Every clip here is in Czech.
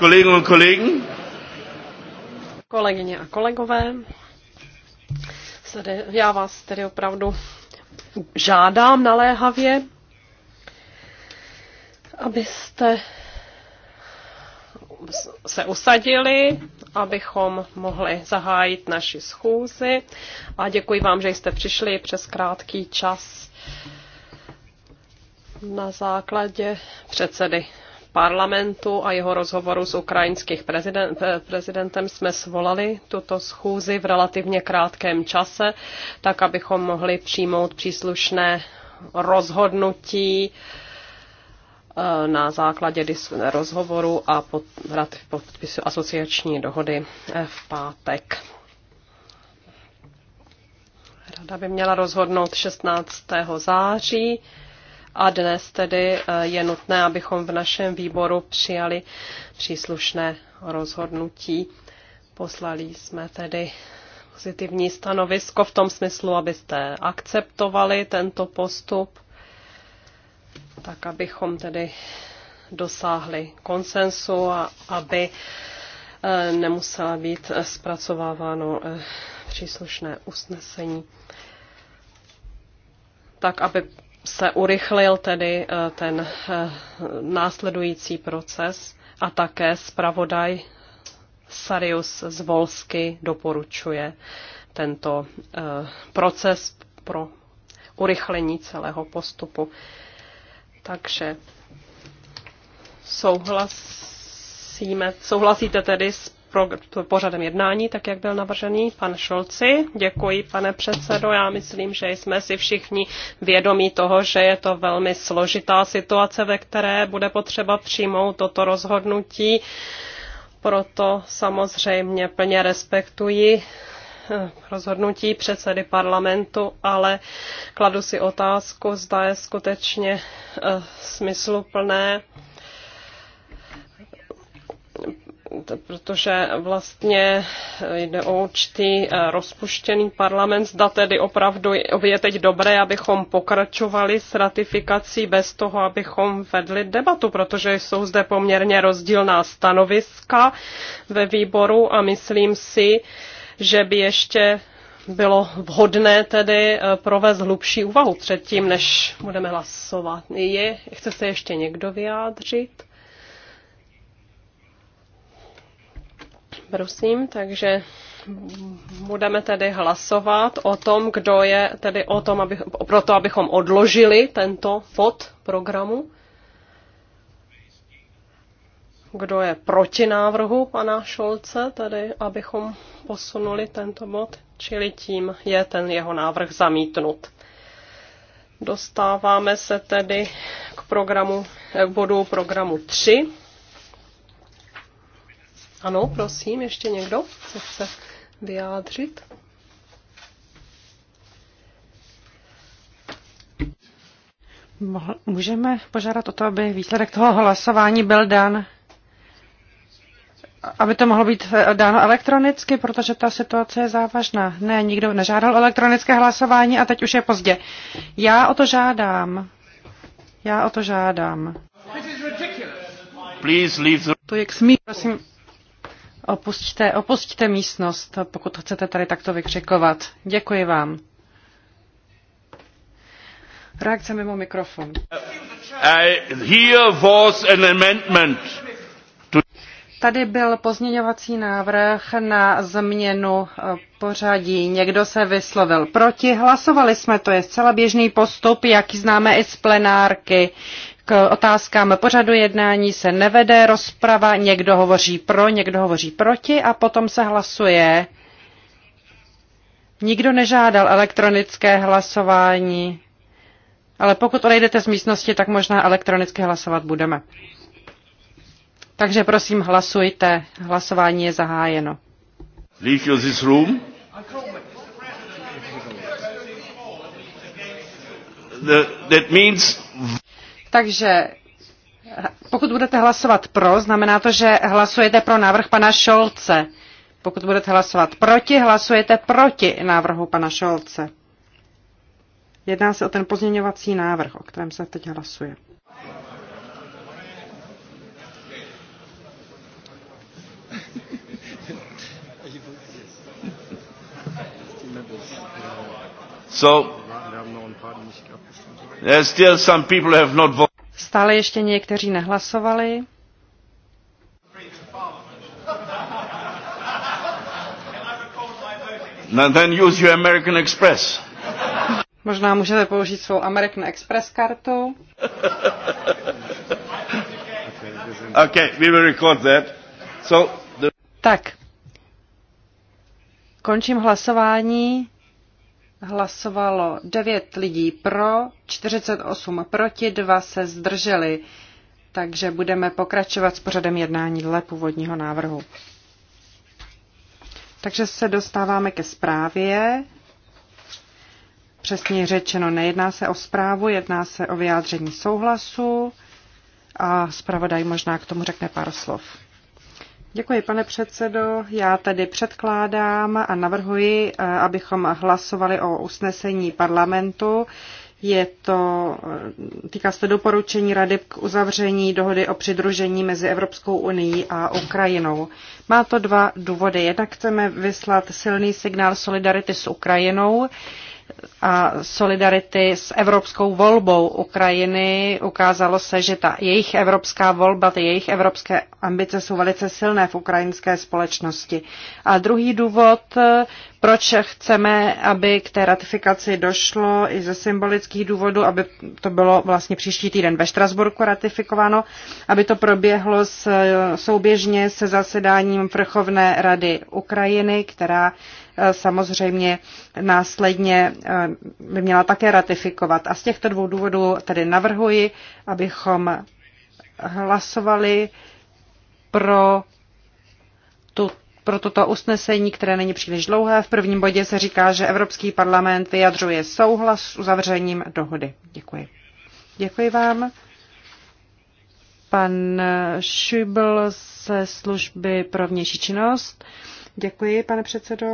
Kolleginnen und Kollegen. Kolegyně a kolegové, já vás tedy opravdu žádám naléhavě, abyste se usadili, abychom mohli zahájit naši schůzi. A děkuji vám, že jste přišli přes krátký čas na základě předsedy parlamentu a jeho rozhovoru s ukrajinským prezident, eh, prezidentem jsme svolali tuto schůzi v relativně krátkém čase, tak abychom mohli přijmout příslušné rozhodnutí eh, na základě rozhovoru a pod, podpisu asociační dohody eh, v pátek. Rada by měla rozhodnout 16. září a dnes tedy eh, je nutné, abychom v našem výboru přijali příslušné rozhodnutí. Poslali jsme tedy pozitivní stanovisko v tom smyslu, abyste akceptovali tento postup, tak abychom tedy dosáhli konsensu a aby eh, nemusela být zpracováváno eh, příslušné usnesení, tak aby se urychlil tedy eh, ten eh, následující proces a také zpravodaj Sarius z Volsky doporučuje tento eh, proces pro urychlení celého postupu. Takže souhlasíme, souhlasíte tedy s pořadem jednání, tak jak byl navržený pan Šolci. Děkuji, pane předsedo. Já myslím, že jsme si všichni vědomí toho, že je to velmi složitá situace, ve které bude potřeba přijmout toto rozhodnutí. Proto samozřejmě plně respektuji eh, rozhodnutí předsedy parlamentu, ale kladu si otázku, zda je skutečně eh, smysluplné protože vlastně jde o určitý eh, rozpuštěný parlament. Zda tedy opravdu je teď dobré, abychom pokračovali s ratifikací bez toho, abychom vedli debatu, protože jsou zde poměrně rozdílná stanoviska ve výboru a myslím si, že by ještě bylo vhodné tedy eh, provést hlubší úvahu předtím, než budeme hlasovat. Je, chce se ještě někdo vyjádřit? Prosím, takže budeme tedy hlasovat o tom, kdo je tedy o tom, pro proto, abychom odložili tento bod programu. Kdo je proti návrhu pana Šolce, tedy abychom posunuli tento bod, čili tím je ten jeho návrh zamítnut. Dostáváme se tedy k programu, k bodu programu 3 ano, prosím, ještě někdo se chce vyjádřit? Můžeme požádat o to, aby výsledek toho hlasování byl dán, aby to mohlo být eh, dáno elektronicky, protože ta situace je závažná. Ne, nikdo nežádal elektronické hlasování a teď už je pozdě. Já o to žádám. Já o to žádám. To je k smíru. Prosím, Opustíte, opustíte místnost, pokud chcete tady takto vykřikovat. Děkuji vám. Reakce mimo mikrofon. Tady byl pozměňovací návrh na změnu eh, pořadí. Někdo se vyslovil proti. Hlasovali jsme, to je zcela běžný postup, jaký známe i z plenárky otázkám pořadu jednání se nevede rozprava, někdo hovoří pro, někdo hovoří proti a potom se hlasuje. Nikdo nežádal elektronické hlasování, ale pokud odejdete z místnosti, tak možná elektronicky hlasovat budeme. Takže prosím, hlasujte. Hlasování je zahájeno. Leave this room. The, that means takže pokud budete hlasovat pro, znamená to, že hlasujete pro návrh pana Šolce. Pokud budete hlasovat proti, hlasujete proti návrhu pana Šolce. Jedná se o ten pozměňovací návrh, o kterém se teď hlasuje. So Still some people have not voted. Stále ještě někteří nehlasovali. then use your American Express. Možná můžete použít svou American Express kartu. okay, we will record that. So the... Tak. Končím hlasování hlasovalo 9 lidí pro, 48 proti, 2 se zdrželi. Takže budeme pokračovat s pořadem jednání dle původního návrhu. Takže se dostáváme ke zprávě. Přesně řečeno, nejedná se o zprávu, jedná se o vyjádření souhlasu a zpravodaj možná k tomu řekne pár slov. Děkuji, pane předsedo. Já tedy předkládám a navrhuji, eh, abychom hlasovali o usnesení parlamentu. Je to, eh, týká se doporučení Rady k uzavření dohody o přidružení mezi Evropskou unii a Ukrajinou. Má to dva důvody. Jednak chceme vyslat silný signál solidarity s Ukrajinou, a solidarity s evropskou volbou Ukrajiny. Ukázalo se, že ta jejich evropská volba, ty jejich evropské ambice jsou velice silné v ukrajinské společnosti. A druhý důvod, proč chceme, aby k té ratifikaci došlo i ze symbolických důvodů, aby to bylo vlastně příští týden ve Štrasburku ratifikováno, aby to proběhlo s, souběžně se zasedáním Vrchovné rady Ukrajiny, která eh, samozřejmě následně eh, by měla také ratifikovat. A z těchto dvou důvodů tedy navrhuji, abychom hlasovali pro, tu, pro toto usnesení, které není příliš dlouhé. V prvním bodě se říká, že Evropský parlament vyjadřuje souhlas s uzavřením dohody. Děkuji. Děkuji vám. Pan Šubl ze služby pro vnější činnost. Děkuji, pane předsedo.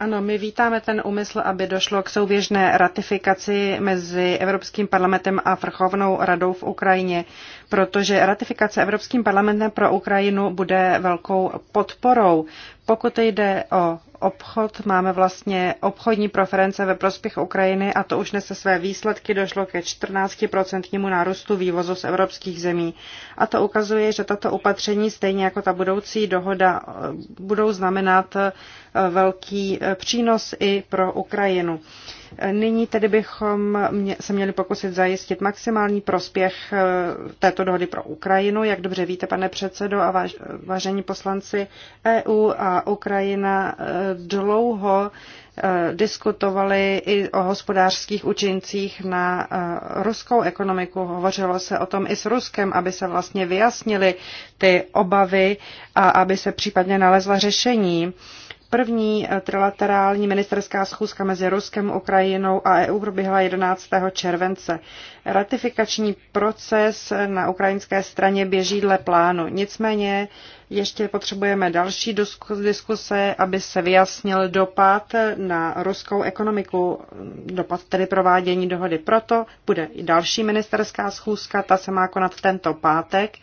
Ano, my vítáme ten úmysl, aby došlo k souběžné ratifikaci mezi Evropským parlamentem a Vrchovnou radou v Ukrajině, protože ratifikace Evropským parlamentem pro Ukrajinu bude velkou podporou. Pokud jde o obchod, máme vlastně obchodní preference ve prospěch Ukrajiny a to už nese své výsledky, došlo ke 14% nárůstu vývozu z evropských zemí. A to ukazuje, že tato opatření, stejně jako ta budoucí dohoda, budou znamenat eh, velký eh, přínos i pro Ukrajinu. Nyní tedy bychom se měli pokusit zajistit maximální prospěch eh, této dohody pro Ukrajinu. Jak dobře víte, pane předsedo a vážení poslanci, EU a Ukrajina eh, dlouho eh, diskutovali i o hospodářských účincích na ruskou ekonomiku. Hovořilo se o tom i s Ruskem, aby se vlastně vyjasnily ty obavy a aby se případně nalezla řešení. První eh, trilaterální ministerská schůzka mezi Ruskem, Ukrajinou a EU proběhla 11. července. Ratifikační proces na ukrajinské straně běží dle plánu. Nicméně ještě potřebujeme další diskuse, aby se vyjasnil dopad na ruskou ekonomiku, dopad tedy provádění dohody. Proto bude i další ministerská schůzka, ta se má konat tento pátek.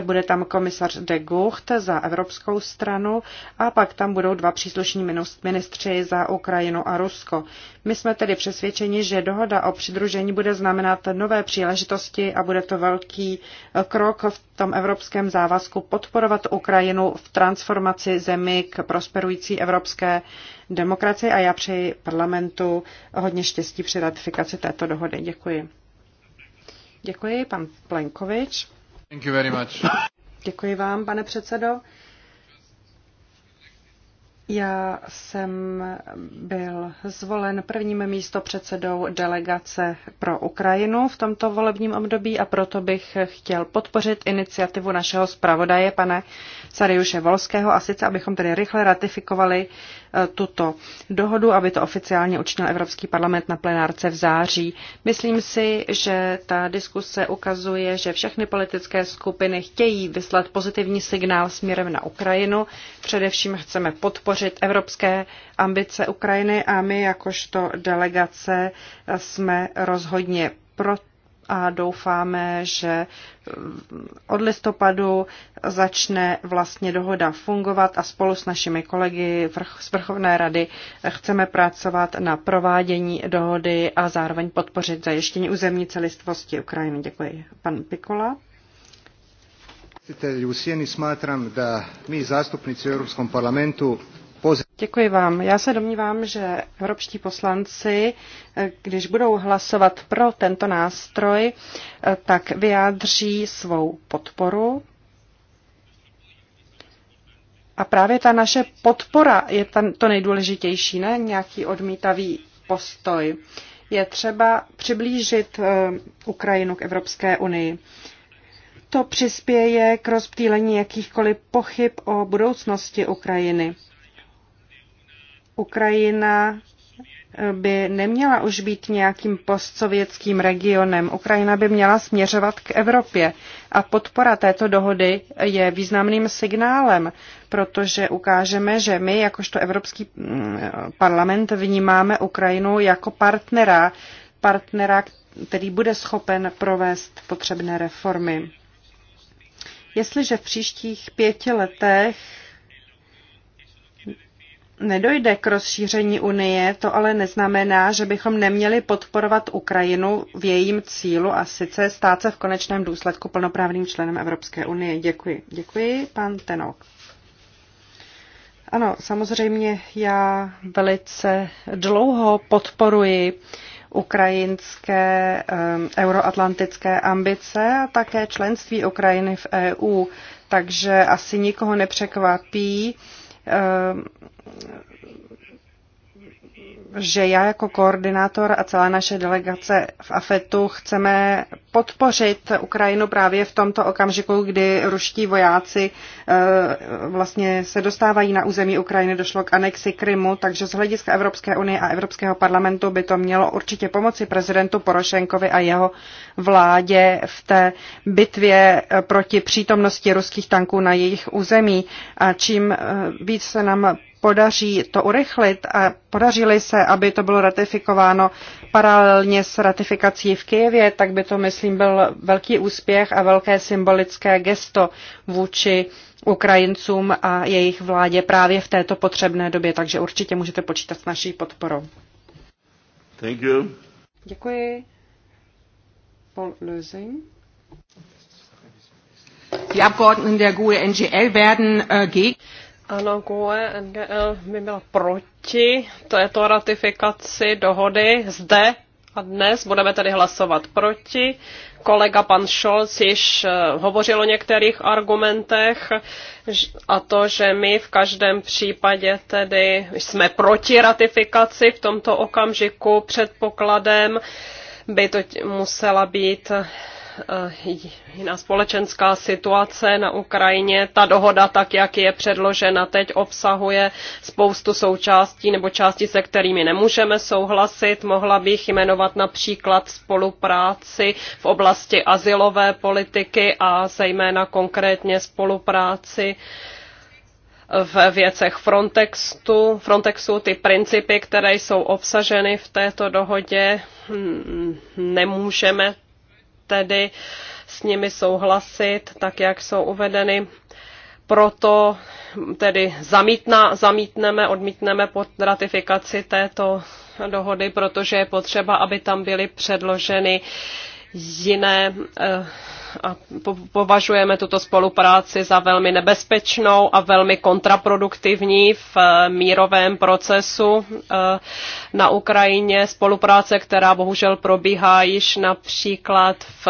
Bude tam komisař de Gucht za evropskou stranu a pak tam budou dva příslušní ministři za Ukrajinu a Rusko. My jsme tedy přesvědčeni, že dohoda o přidružení bude znamenat nové příležitosti a bude to velký eh, krok v tom evropském závazku podporovat Ukrajinu v transformaci zemi k prosperující evropské demokracii a já přeji parlamentu hodně štěstí při ratifikaci této dohody. Děkuji. Děkuji, pan Plenkovič. Thank you very much. Děkuji vám, pane předsedo. Já jsem byl zvolen prvním místopředsedou delegace pro Ukrajinu v tomto volebním období a proto bych chtěl podpořit iniciativu našeho zpravodaje, pane Sariuše Volského, a sice abychom tedy rychle ratifikovali e, tuto dohodu, aby to oficiálně učinil Evropský parlament na plenárce v září. Myslím si, že ta diskuse ukazuje, že všechny politické skupiny chtějí vyslat pozitivní signál směrem na Ukrajinu. Především chceme podpořit podpořit evropské ambice Ukrajiny a my jakožto delegace jsme rozhodně pro a doufáme, že od listopadu začne vlastně dohoda fungovat a spolu s našimi kolegy z Vrchovné rady chceme pracovat na provádění dohody a zároveň podpořit zajištění územní celistvosti Ukrajiny. Děkuji. Pan Pikola. U Sjeni smatram da mi zastupnici v Evropském parlamentu Děkuji vám. Já se domnívám, že evropští poslanci, když budou hlasovat pro tento nástroj, tak vyjádří svou podporu. A právě ta naše podpora je to nejdůležitější, ne nějaký odmítavý postoj. Je třeba přiblížit eh, Ukrajinu k Evropské unii. To přispěje k rozptýlení jakýchkoliv pochyb o budoucnosti Ukrajiny. Ukrajina eh, by neměla už být nějakým postsovětským regionem. Ukrajina by měla směřovat k Evropě a podpora této dohody je významným signálem, protože ukážeme, že my, jakožto Evropský mm, parlament, vnímáme Ukrajinu jako partnera, partnera, který bude schopen provést potřebné reformy. Jestliže v příštích pěti letech nedojde k rozšíření Unie, to ale neznamená, že bychom neměli podporovat Ukrajinu v jejím cílu a sice stát se v konečném důsledku plnoprávným členem Evropské unie. Děkuji. Děkuji, pan Tenok. Ano, samozřejmě já velice dlouho podporuji ukrajinské um, euroatlantické ambice a také členství Ukrajiny v EU, takže asi nikoho nepřekvapí, uh, že já jako koordinátor a celá naše delegace v AFETu chceme podpořit Ukrajinu právě v tomto okamžiku, kdy ruští vojáci eh, vlastně se dostávají na území Ukrajiny, došlo k anexi Krymu, takže z hlediska Evropské unie a Evropského parlamentu by to mělo určitě pomoci prezidentu Porošenkovi a jeho vládě v té bitvě eh, proti přítomnosti ruských tanků na jejich území. A čím eh, víc se nám podaří to urychlit a podařili se, aby to bylo ratifikováno paralelně s ratifikací v Kijevě, tak by to, myslím, byl velký úspěch a velké symbolické gesto vůči Ukrajincům a jejich vládě právě v této potřebné době, takže určitě můžete počítat s naší podporou. Thank you. Děkuji. Paul Lösing. Die Abgeordneten der GUE NGL werden äh, gegen ano, GUE NGL by byla proti této ratifikaci dohody zde a dnes budeme tedy hlasovat proti. Kolega pan Scholz již eh, hovořil o některých argumentech a to, že my v každém případě tedy jsme proti ratifikaci v tomto okamžiku předpokladem by to musela být Eh, jiná společenská situace na Ukrajině. Ta dohoda, tak jak je předložena teď, obsahuje spoustu součástí nebo částí, se kterými nemůžeme souhlasit. Mohla bych jmenovat například spolupráci v oblasti asilové politiky a zejména konkrétně spolupráci v věcech Frontexu, Frontexu ty principy, které jsou obsaženy v této dohodě, mm, nemůžeme tedy s nimi souhlasit, tak jak jsou uvedeny. Proto tedy zamítna, zamítneme, odmítneme pod ratifikaci této dohody, protože je potřeba, aby tam byly předloženy jiné eh, a považujeme tuto spolupráci za velmi nebezpečnou a velmi kontraproduktivní v eh, mírovém procesu eh, na Ukrajině. Spolupráce, která bohužel probíhá již například v,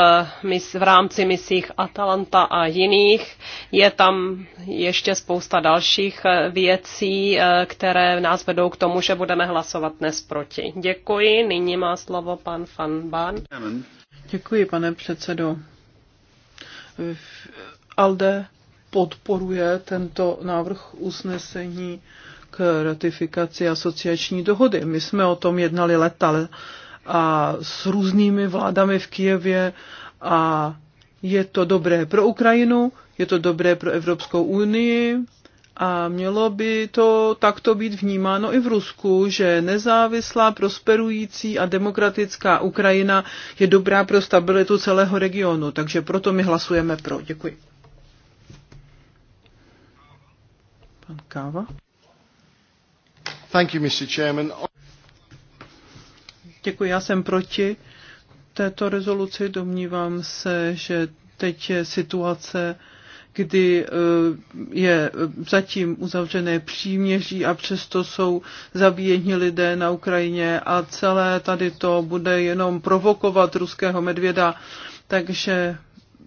v rámci misích Atalanta a jiných. Je tam ještě spousta dalších eh, věcí, které nás vedou k tomu, že budeme hlasovat dnes proti. Děkuji. Nyní má slovo pan Fanban. Děkuji, pane předsedo. ALDE podporuje tento návrh usnesení k ratifikaci asociační dohody. My jsme o tom jednali leta a s různými vládami v Kijevě a je to dobré pro Ukrajinu, je to dobré pro Evropskou unii, a mělo by to takto být vnímáno i v Rusku, že nezávislá, prosperující a demokratická Ukrajina je dobrá pro stabilitu celého regionu. Takže proto my hlasujeme pro. Děkuji. Pan Káva. Thank you, Mr. Chairman. Děkuji, já jsem proti této rezoluci. Domnívám se, že teď je situace kdy e, je zatím uzavřené příměří a přesto jsou zabíjeni lidé na Ukrajině a celé tady to bude jenom provokovat ruského medvěda. Takže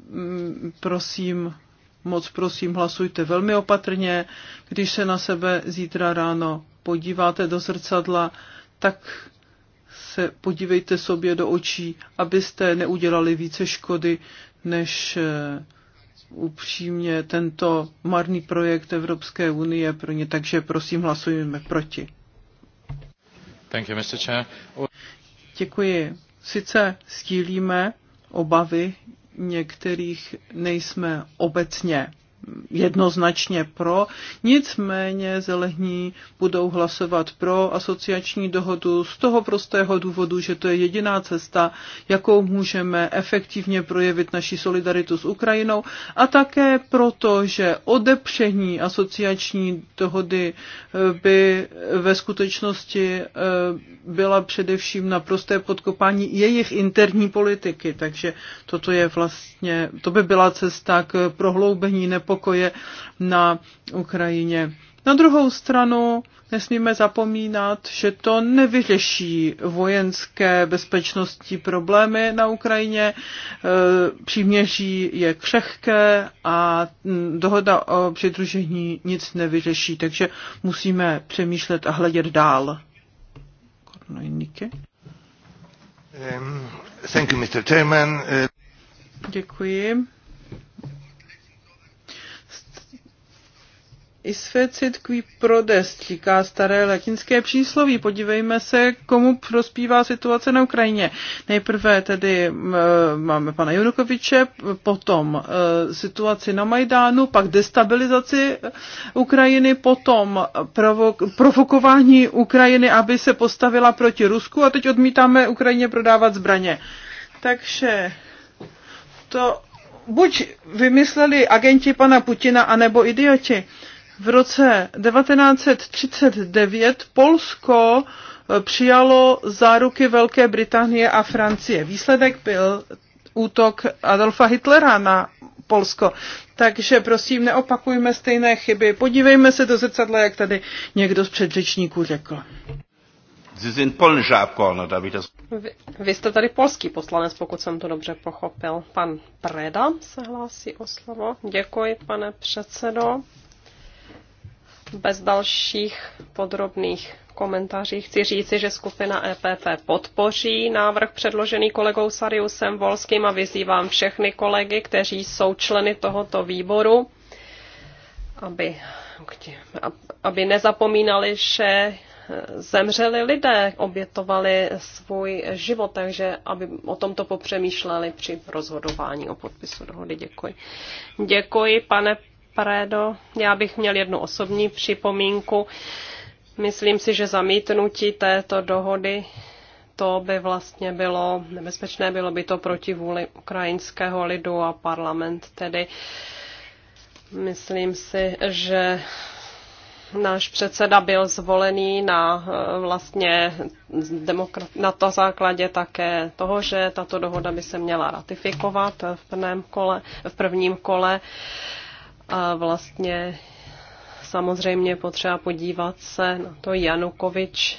mm, prosím, moc prosím, hlasujte velmi opatrně. Když se na sebe zítra ráno podíváte do zrcadla, tak se podívejte sobě do očí, abyste neudělali více škody, než e, upřímně tento marný projekt Evropské unie pro ně, takže prosím hlasujeme proti. Thank you, Mr. Chair. Děkuji. Sice stílíme obavy některých, nejsme obecně jednoznačně pro, nicméně zelení budou hlasovat pro asociační dohodu z toho prostého důvodu, že to je jediná cesta, jakou můžeme efektivně projevit naši solidaritu s Ukrajinou a také proto, že odepření asociační dohody eh, by ve skutečnosti eh, byla především na prosté podkopání jejich interní politiky, takže toto je vlastně, to by byla cesta k prohloubení nepo Pokoje na Ukrajině. Na druhou stranu nesmíme zapomínat, že to nevyřeší vojenské bezpečnostní problémy na Ukrajině. E, příměří je křehké a dohoda o přidružení nic nevyřeší, takže musíme přemýšlet a hledět dál. Um, thank you, Mr. Uh, Děkuji, Isfecit qui prodest, říká staré latinské přísloví. Podívejme se, komu prospívá situace na Ukrajině. Nejprve tedy máme pana Junukoviče, potom e, situaci na Majdánu, pak destabilizaci Ukrajiny, potom provokování Ukrajiny, aby se postavila proti Rusku a teď odmítáme Ukrajině prodávat zbraně. Takže to buď vymysleli agenti pana Putina, anebo idioti v roce 1939 Polsko eh, přijalo záruky Velké Británie a Francie. Výsledek byl útok Adolfa Hitlera na Polsko. Takže prosím, neopakujme stejné chyby. Podívejme se do zrcadla, jak tady někdo z předřečníků řekl. Vy, jste tady polský poslanec, pokud jsem to dobře pochopil. Pan Preda se hlásí o slovo. Děkuji, pane předsedo. Bez dalších podrobných komentáří chci říci, že skupina EPP podpoří návrh předložený kolegou Sariusem Volským a vyzývám všechny kolegy, kteří jsou členy tohoto výboru, aby, aby nezapomínali, že zemřeli lidé, obětovali svůj život, takže aby o tomto popřemýšleli při rozhodování o podpisu dohody. Děkuji. Děkuji, pane Prédo. Já bych měl jednu osobní připomínku. Myslím si, že zamítnutí této dohody to by vlastně bylo nebezpečné, bylo by to proti vůli ukrajinského lidu a parlament tedy. Myslím si, že náš předseda byl zvolený na eh, vlastně na to základě také toho, že tato dohoda by se měla ratifikovat v prvním kole. V prvním kole. A vlastně samozřejmě potřeba podívat se na to. Janukovič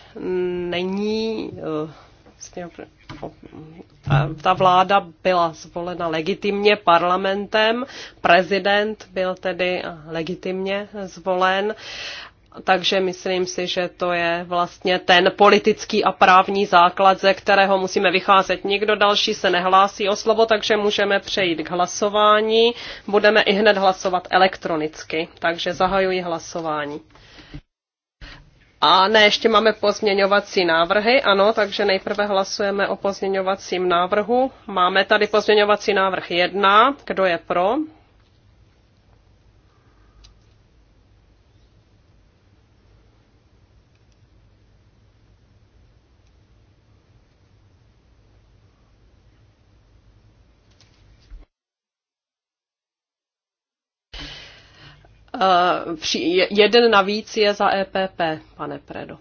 není eh, vlastně eh, ta vláda byla zvolena legitimně parlamentem, prezident byl tedy legitimně zvolen takže myslím si, že to je vlastně ten politický a právní základ, ze kterého musíme vycházet. Nikdo další se nehlásí o slovo, takže můžeme přejít k hlasování. Budeme i hned hlasovat elektronicky, takže zahajuji hlasování. A ne, ještě máme pozměňovací návrhy, ano, takže nejprve hlasujeme o pozměňovacím návrhu. Máme tady pozměňovací návrh 1, kdo je pro? Eh, jeden navíc je za EPP, pane Predo.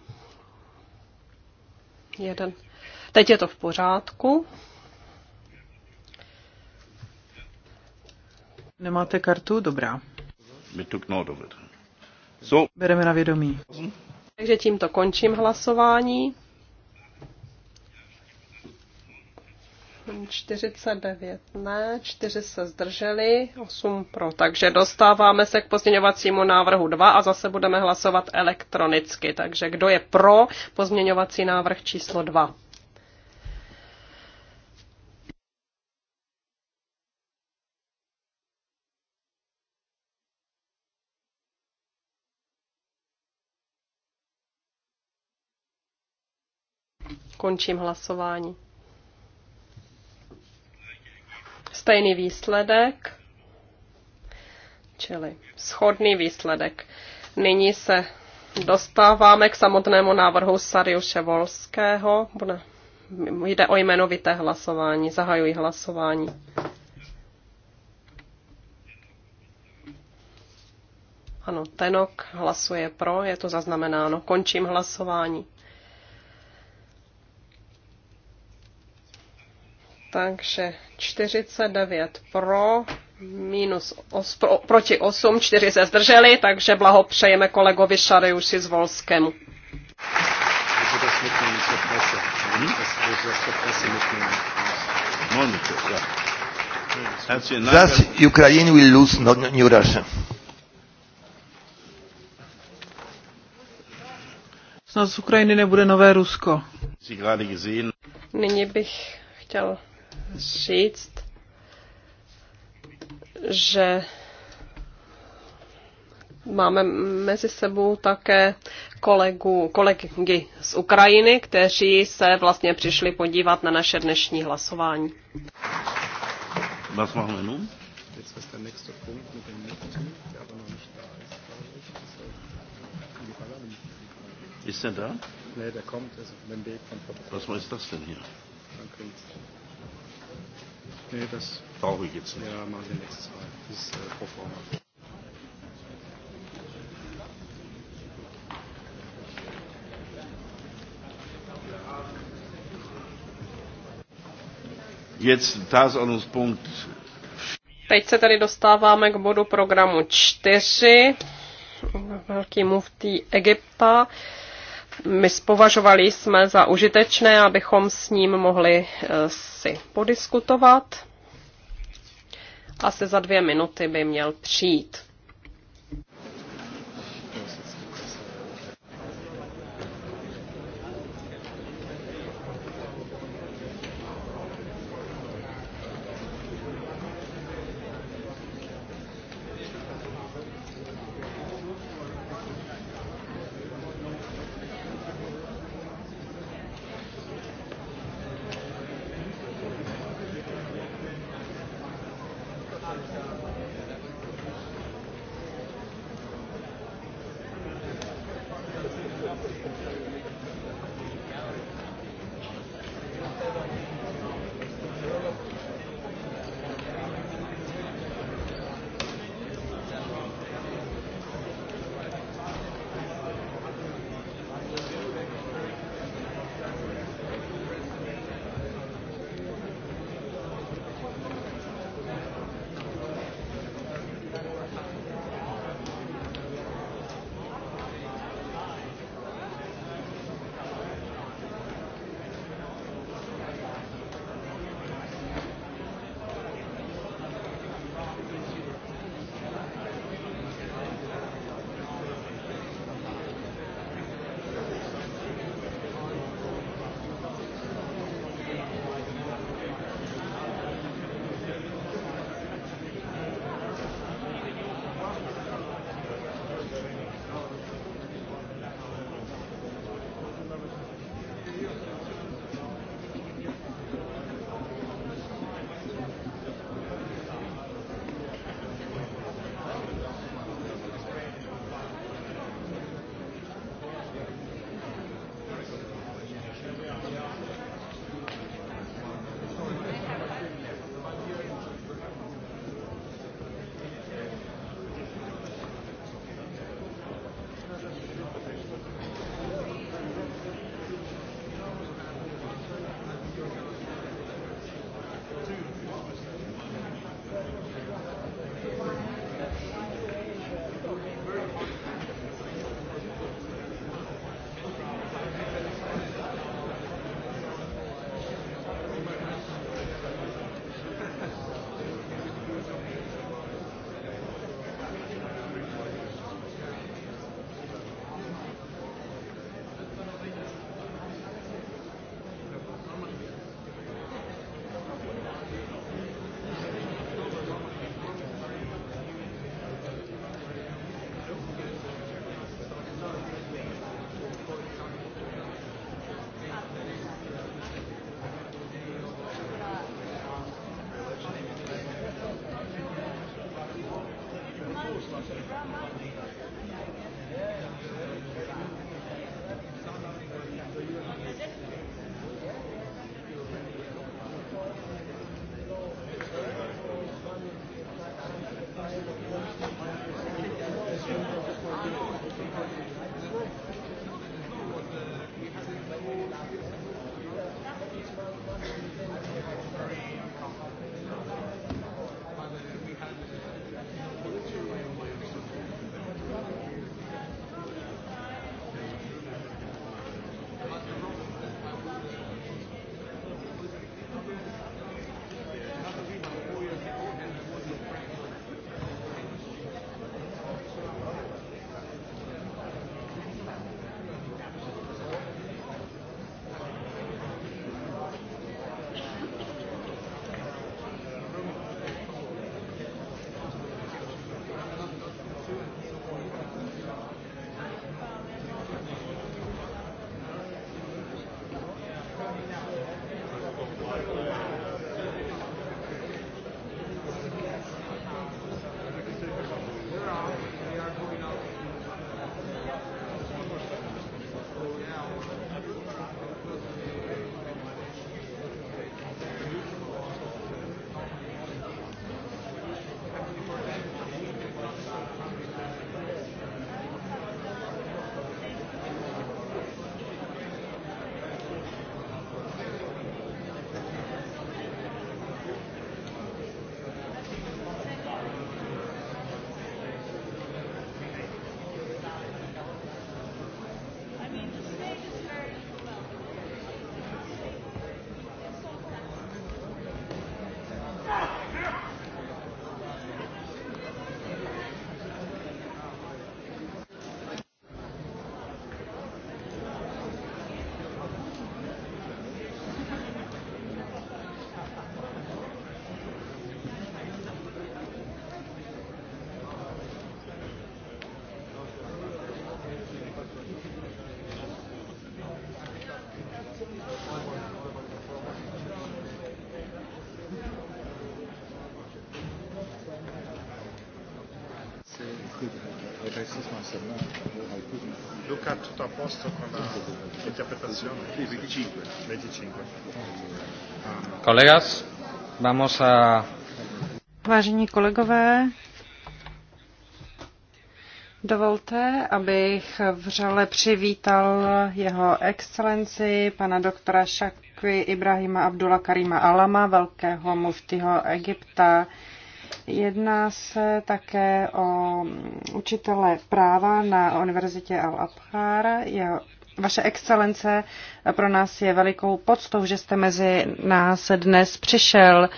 Jeden. Teď je to v pořádku. Nemáte kartu? Dobrá. No, Bereme na vědomí. Takže tímto končím hlasování. 49 ne, 4 se zdrželi, 8 pro. Takže dostáváme se k pozměňovacímu návrhu 2 a zase budeme hlasovat elektronicky. Takže kdo je pro pozměňovací návrh číslo 2? Končím hlasování. Stejný výsledek, čili schodný výsledek. Nyní se dostáváme k samotnému návrhu Sariuše Volského. Bude, jde o jmenovité hlasování. Zahajuji hlasování. Ano, Tenok hlasuje pro, je to zaznamenáno. Končím hlasování. Takže 49 pro, minus os, pro, proti 8, 4 se zdrželi, takže blahopřejeme kolegovi Šarejuši z Volskému. Thus Ukraine will lose not new Russia. Snad z Ukrajiny nebude nové Rusko. Nyní bych chtěl říct, že máme mezi sebou také kolegu, kolegy z Ukrajiny, kteří se vlastně přišli podívat na naše dnešní hlasování. Was ist der da er da? Nee, der kommt, also dem Weg von Was ist das denn hier? Dann kriegst Nee, das brauche ich jetzt nicht. Ja, machen wir nächstes Mal. Das ist äh, pro forma. Teď se tady dostáváme k bodu programu 4. Velký muftý Egypta my považovali jsme za užitečné, abychom s ním mohli eh, si podiskutovat. Asi za dvě minuty by měl přijít. a posto con la interpretación. Sí, 25. 25. Colegas, vamos a... Vážení kolegové, Dovolte, abych vřele přivítal jeho excelenci, pana doktora Šakvi Ibrahima Abdullah Karima Alama, velkého muftyho Egypta. Jedná se také o učitele práva na Univerzitě Al-Abhar. Vaše excelence, pro nás je velikou poctou, že jste mezi nás dnes přišel.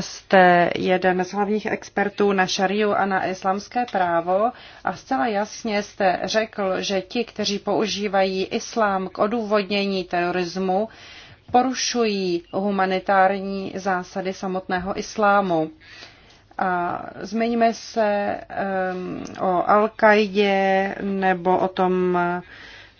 Jste jeden z hlavních expertů na šariu a na islamské právo a zcela jasně jste řekl, že ti, kteří používají islám k odůvodnění terorismu, porušují humanitární zásady samotného islámu. A zmiňme se um, o al kaidě nebo o tom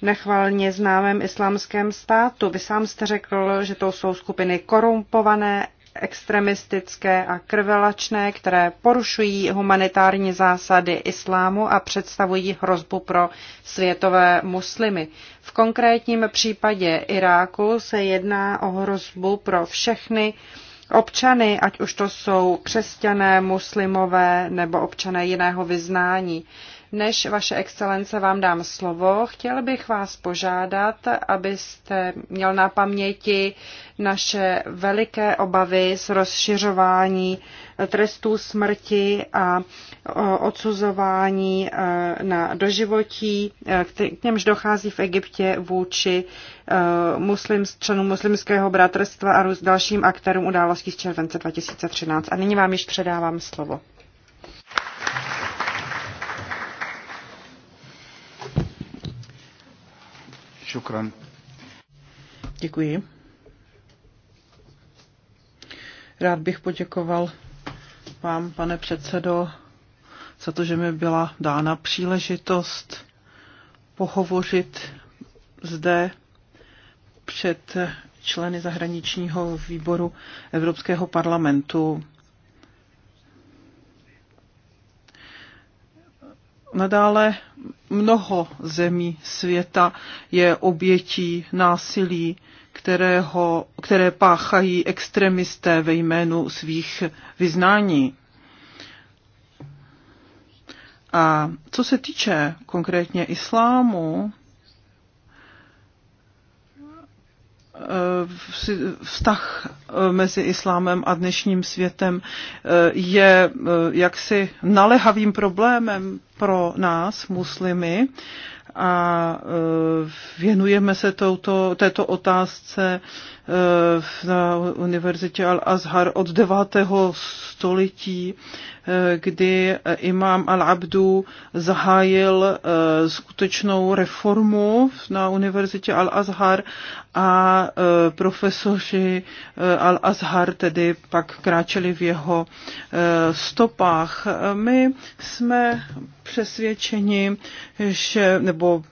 nechvalně známém islámském státu. Vy sám jste řekl, že to jsou skupiny korumpované, extremistické a krvelačné, které porušují humanitární zásady islámu a představují hrozbu pro světové muslimy. V konkrétním případě Iráku se jedná o hrozbu pro všechny uh, občany, ať už to jsou křesťané, muslimové nebo občané jiného vyznání. Než vaše excelence vám dám slovo, chtěl bych vás požádat, abyste měl na paměti naše veliké obavy z rozšiřování trestů smrti a odsuzování eh, na doživotí, eh, k němž dochází v Egyptě vůči eh, muslim, členům muslimského bratrstva a dalším aktérům událostí z července 2013. A nyní vám již předávám slovo. Šukran. Děkuji. Rád bych poděkoval vám, pane předsedo, za to, že mi byla dána příležitost pohovořit zde před členy zahraničního výboru Evropského parlamentu Nadále mnoho zemí světa je obětí násilí, kterého, které páchají extremisté ve jménu svých vyznání. A co se týče konkrétně islámu, Eh, vztah eh, mezi islámem a dnešním světem eh, je jaksi nalehavým problémem pro nás, muslimy, a věnujeme se touto, této otázce Eh, na univerzitě Al-Azhar od 9. století, eh, kdy imám Al-Abdu zahájil eh, skutečnou reformu na univerzitě Al-Azhar a profesoři Al-Azhar tedy pak kráčeli v jeho stopách. My jsme přesvědčeni, že, nebo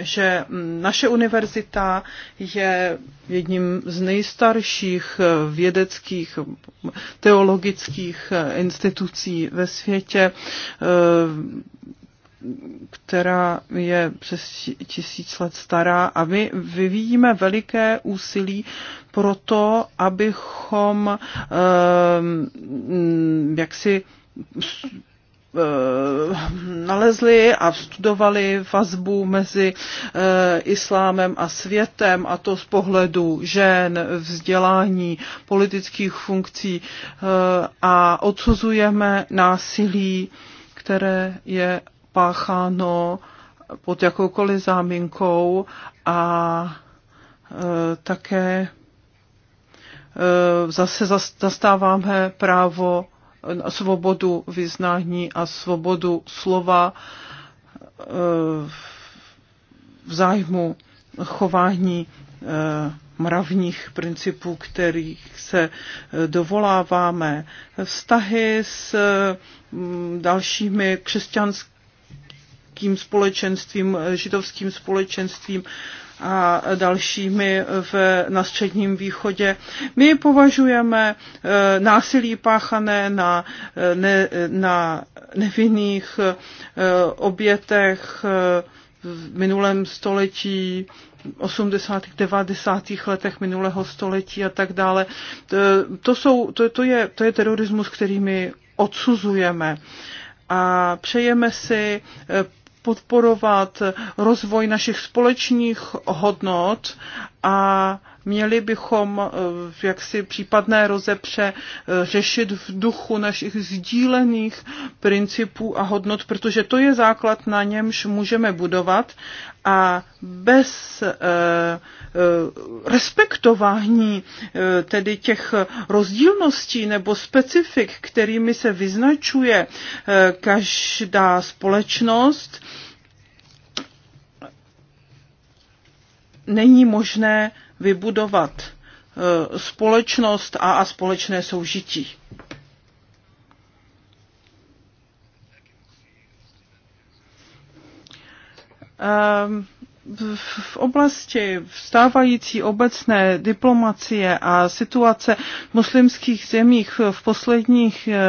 že naše univerzita je jedním z nejstarších vědeckých teologických institucí ve světě, eh, která je přes tisíc let stará a my vyvíjíme veliké úsilí pro to, abychom eh, jaksi Eh, nalezli a studovali vazbu mezi eh, islámem a světem a to z pohledu žen, vzdělání, politických funkcí eh, a odsuzujeme násilí, které je pácháno pod jakoukoliv záminkou a také zase zastáváme právo svobodu vyznání a svobodu slova e, v zájmu chování e, mravních principů, kterých se e, dovoláváme. Vztahy s dalšími křesťanskými společenstvím, židovským společenstvím, a dalšími v, na Středním východě. My považujeme e, násilí páchané na, e, ne, na nevinných e, obětech v minulém století 80. 90. letech minulého století a tak dále. To, jsou, to, to, je, to je terorismus, který my odsuzujeme a přejeme si podporovat rozvoj našich společných hodnot a měli bychom eh, jaksi případné rozepře eh, řešit v duchu našich sdílených principů a hodnot, protože to je základ, na němž můžeme budovat a bez eh, eh, respektování eh, tedy těch rozdílností nebo specifik, kterými se vyznačuje každá společnost, není možné vybudovat společnost a, a společné soužití. Ehm, v oblasti vstávající obecné diplomacie a situace v muslimských zemích v posledních eh,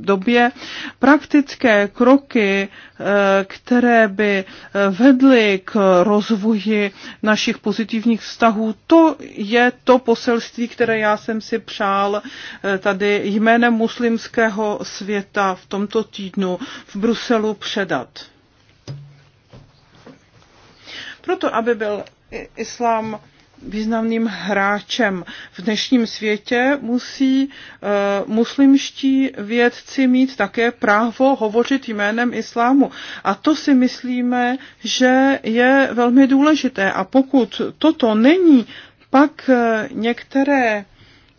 době praktické kroky, eh, které by eh, vedly k rozvoji našich pozitivních vztahů, to je to poselství, které já jsem si přál tady jménem muslimského světa v tomto týdnu v Bruselu předat proto aby byl islám významným hráčem. V dnešním světě musí e, muslimští vědci mít také právo hovořit jménem islámu. A to si myslíme, že je velmi důležité. A pokud toto není, pak e, některé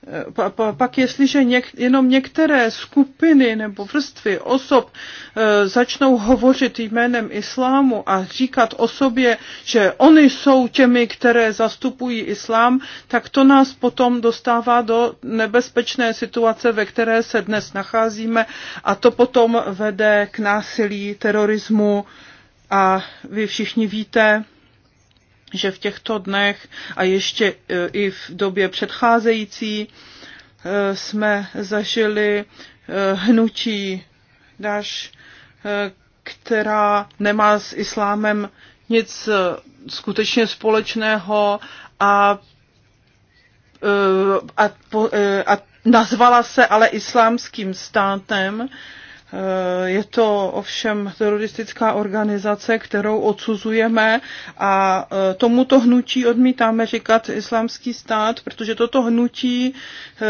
Eh, pa, pa, pak jestliže něk, jenom některé skupiny nebo vrstvy osob e, začnou hovořit jménem islámu a říkat o sobě, že oni jsou těmi, které zastupují islám, tak to nás potom dostává do nebezpečné situace, ve které se dnes nacházíme a to potom vede k násilí, terorismu a vy všichni víte, že v těchto dnech a ještě e, i v době předcházející e, jsme zažili e, hnutí Daš, která nemá s islámem nic skutečně společného a, a, a nazvala se ale islámským státem Eh, je to ovšem teroristická organizace, kterou odsuzujeme a eh, tomuto hnutí odmítáme říkat islámský stát, protože toto hnutí eh,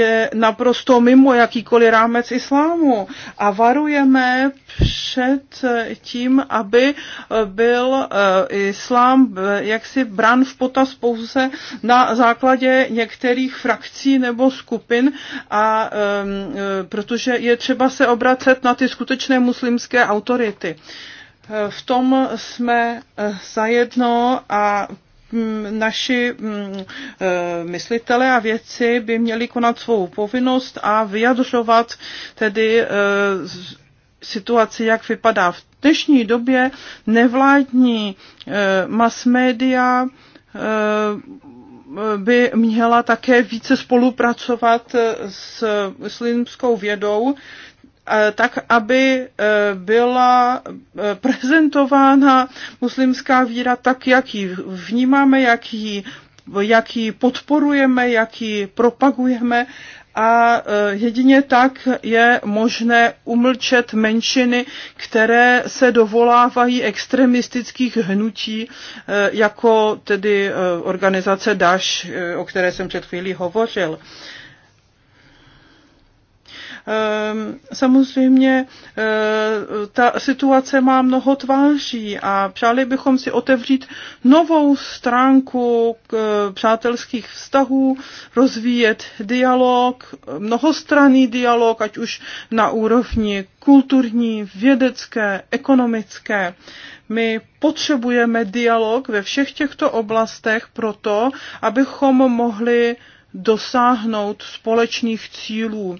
je naprosto mimo jakýkoliv rámec islámu a varujeme před tím, aby byl islám jaksi bran v potaz pouze na základě některých frakcí nebo skupin a protože je třeba se obrátit obracet na ty skutečné muslimské autority. V tom jsme eh, zajedno a mm, naši mm, eh, myslitele a věci by měli konat svou povinnost a vyjadřovat tedy eh, situaci, jak vypadá. V dnešní době nevládní mass media by měla také více spolupracovat s muslimskou vědou, Eh, tak aby eh, byla eh, prezentována muslimská víra tak, jak ji vnímáme, jak ji, jak ji podporujeme, jak ji propagujeme a jedině tak je možné umlčet menšiny, které se dovolávají extremistických hnutí, jako tedy organizace DAŠ, o které jsem před chvílí hovořil. Ehm, samozřejmě eh, ta situace má mnoho tváří a přáli bychom si otevřít novou stránku eh, přátelských vztahů, rozvíjet dialog, mnohostranný dialog, ať už na úrovni kulturní, vědecké, ekonomické. My potřebujeme dialog ve všech těchto oblastech proto, abychom mohli dosáhnout společných cílů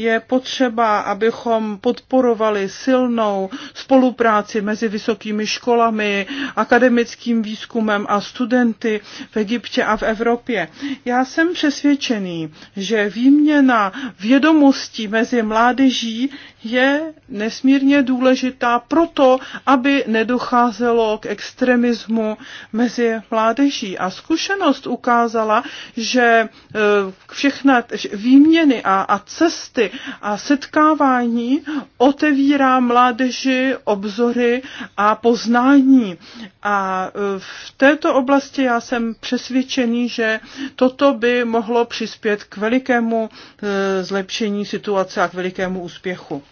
je potřeba, abychom podporovali silnou spolupráci mezi vysokými školami, akademickým výzkumem a studenty v Egyptě a v Evropě. Já jsem přesvědčený, že výměna vědomostí mezi mládeží je nesmírně důležitá proto, aby nedocházelo k extremismu mezi mládeží. A zkušenost ukázala, že eh, všechna výměny a, a cesty a setkávání otevírá mládeži obzory a poznání. A e, v této oblasti já jsem přesvědčený, že toto by mohlo přispět k velikému e, zlepšení situace a k velikému úspěchu.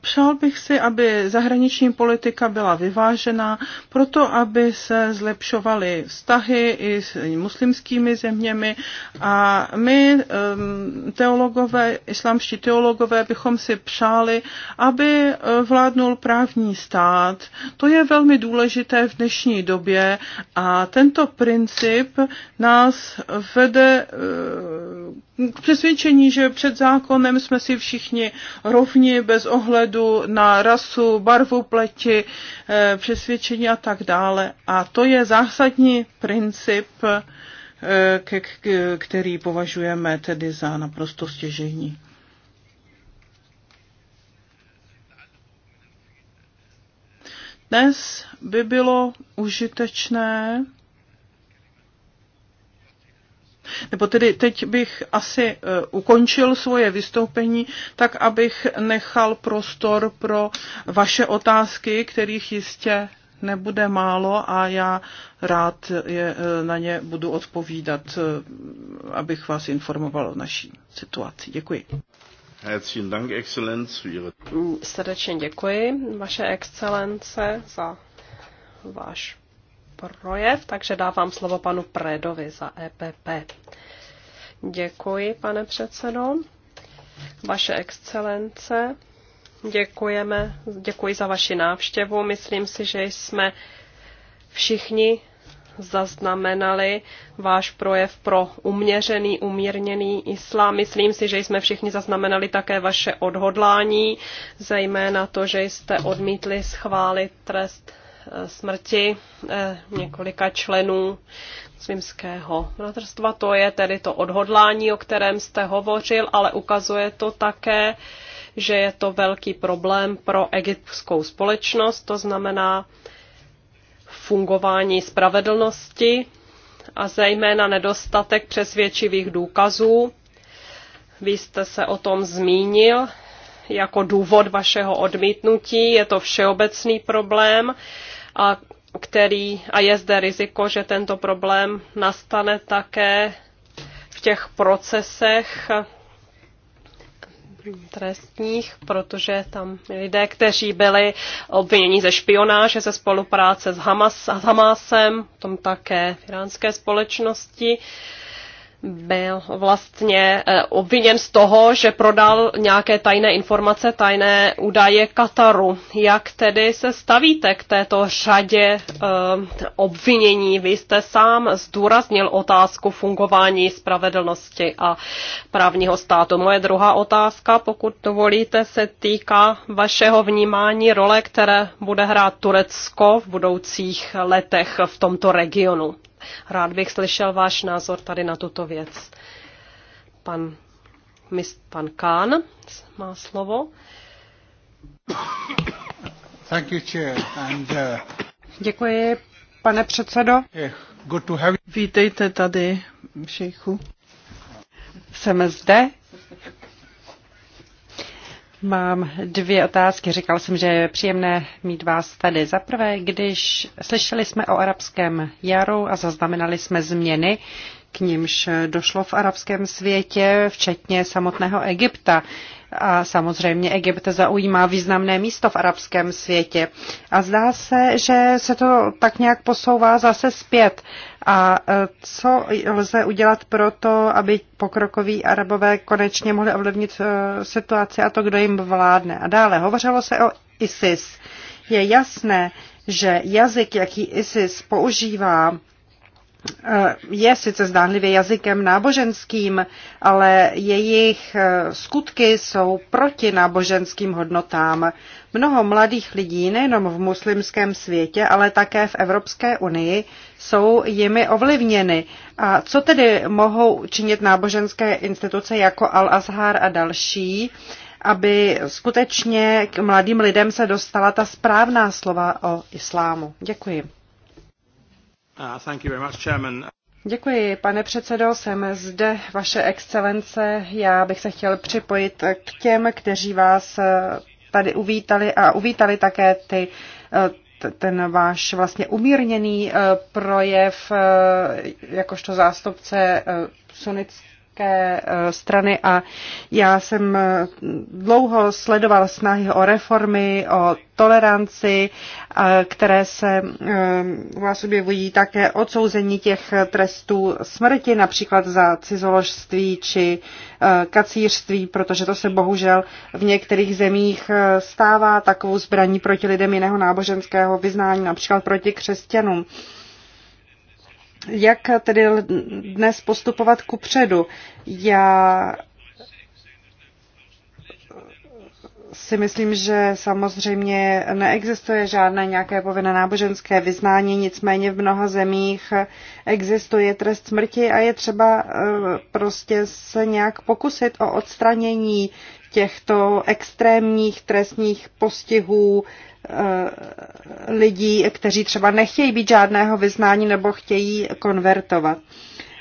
Přál bych si, aby zahraniční politika byla vyvážená, proto aby se zlepšovaly vztahy i s muslimskými zeměmi a my, teologové, islámští teologové, bychom si přáli, aby eh, vládnul právní stát. To je velmi důležité v dnešní době a tento princip nás vede eh, k přesvědčení, že před zákonem jsme si všichni rovni bez ohledu na rasu, barvu pleti, eh, přesvědčení a tak dále. A to je zásadní princip, eh, který považujeme tedy za naprosto stěžení. Dnes by bylo užitečné nebo tedy teď bych asi e, ukončil svoje vystoupení, tak abych nechal prostor pro vaše otázky, kterých jistě nebude málo a já rád je, e, na ně budu odpovídat, e, abych vás informoval o naší situaci. Děkuji. Herzlichen Dank, Exzellenz, für Ihre... Mm, srdečně děkuji, vaše excelence, za váš projev, takže dávám slovo panu Predovi za EPP. Děkuji, pane předsedo. Vaše excelence, děkujeme, děkuji za vaši návštěvu. Myslím si, že jsme všichni zaznamenali váš projev pro uměřený, umírněný islám. Myslím si, že jsme všichni zaznamenali také vaše odhodlání, zejména to, že jste odmítli schválit trest Eh, smrti eh, několika členů muslimského bratrstva. To je tedy to odhodlání, o kterém jste hovořil, ale ukazuje to také, že je to velký problém pro egyptskou společnost, to znamená fungování spravedlnosti a zejména nedostatek přesvědčivých důkazů. Vy jste se o tom zmínil jako důvod vašeho odmítnutí. Je to všeobecný problém, a který, a je zde riziko, že tento problém nastane také v těch procesech trestních, protože tam lidé, kteří byli obviněni ze špionáže, ze spolupráce s, Hamas, s Hamasem, tom také v iránské společnosti, uh, byl vlastně eh, obviněn z toho, že prodal nějaké tajné informace, tajné údaje Kataru. Jak tedy se stavíte k této řadě eh, obvinění? Vy jste sám zdůraznil otázku fungování spravedlnosti a právního státu. Moje druhá otázka, pokud dovolíte, se týká vašeho vnímání role, které bude hrát Turecko v budoucích letech v tomto regionu. Rád bych slyšel váš názor tady na tuto věc. Pan, mis, pan Kán má slovo. Thank you, chair. And, uh... Děkuji, pane předsedo. Yeah, good to have... Vítejte tady, šejchu. Jsem zde Mám dvě otázky. Říkal jsem, že je příjemné mít vás tady. Za prvé, když slyšeli jsme o arabském jaru a zaznamenali jsme změny, k nímž došlo v arabském světě, včetně samotného Egypta. A samozřejmě Egypt zaujímá významné místo v arabském světě. A zdá se, že se to tak nějak posouvá zase zpět. A e, co lze udělat pro to, aby pokrokoví arabové konečně mohli ovlivnit e, situaci a to, kdo jim vládne? A dále hovořilo se o ISIS. Je jasné, že jazyk, jaký ISIS používá, Eh, je sice zdánlivě jazykem náboženským, ale jejich eh, skutky jsou proti náboženským hodnotám. Mnoho mladých lidí nejenom v muslimském světě, ale také v Evropské unii jsou jimi ovlivněny. A co tedy mohou činit náboženské instituce jako Al-Azhar a další, aby skutečně k mladým lidem se dostala ta správná slova o islámu? Děkuji. Uh, Děkuji, pane předsedo, jsem zde, vaše excelence. Já bych se chtěl připojit k těm, kteří vás eh, tady uvítali a uvítali také ty, eh, ten váš vlastně umírněný eh, projev jakožto zástupce sunnického politické eh, strany a já jsem eh, dlouho sledoval snahy o reformy, o toleranci, eh, které se u vás objevují také odsouzení těch trestů smrti, například za cizoložství či kacířství, protože to se bohužel v některých zemích stává takovou zbraní proti lidem jiného náboženského vyznání, například proti křesťanům jak tedy dnes postupovat ku předu. Já si myslím, že samozřejmě neexistuje žádné nějaké povinné náboženské vyznání, nicméně v mnoha zemích existuje trest smrti a je třeba eh, prostě se nějak pokusit o odstranění těchto extrémních trestních postihů eh, lidí, kteří třeba nechtějí být žádného vyznání nebo chtějí konvertovat.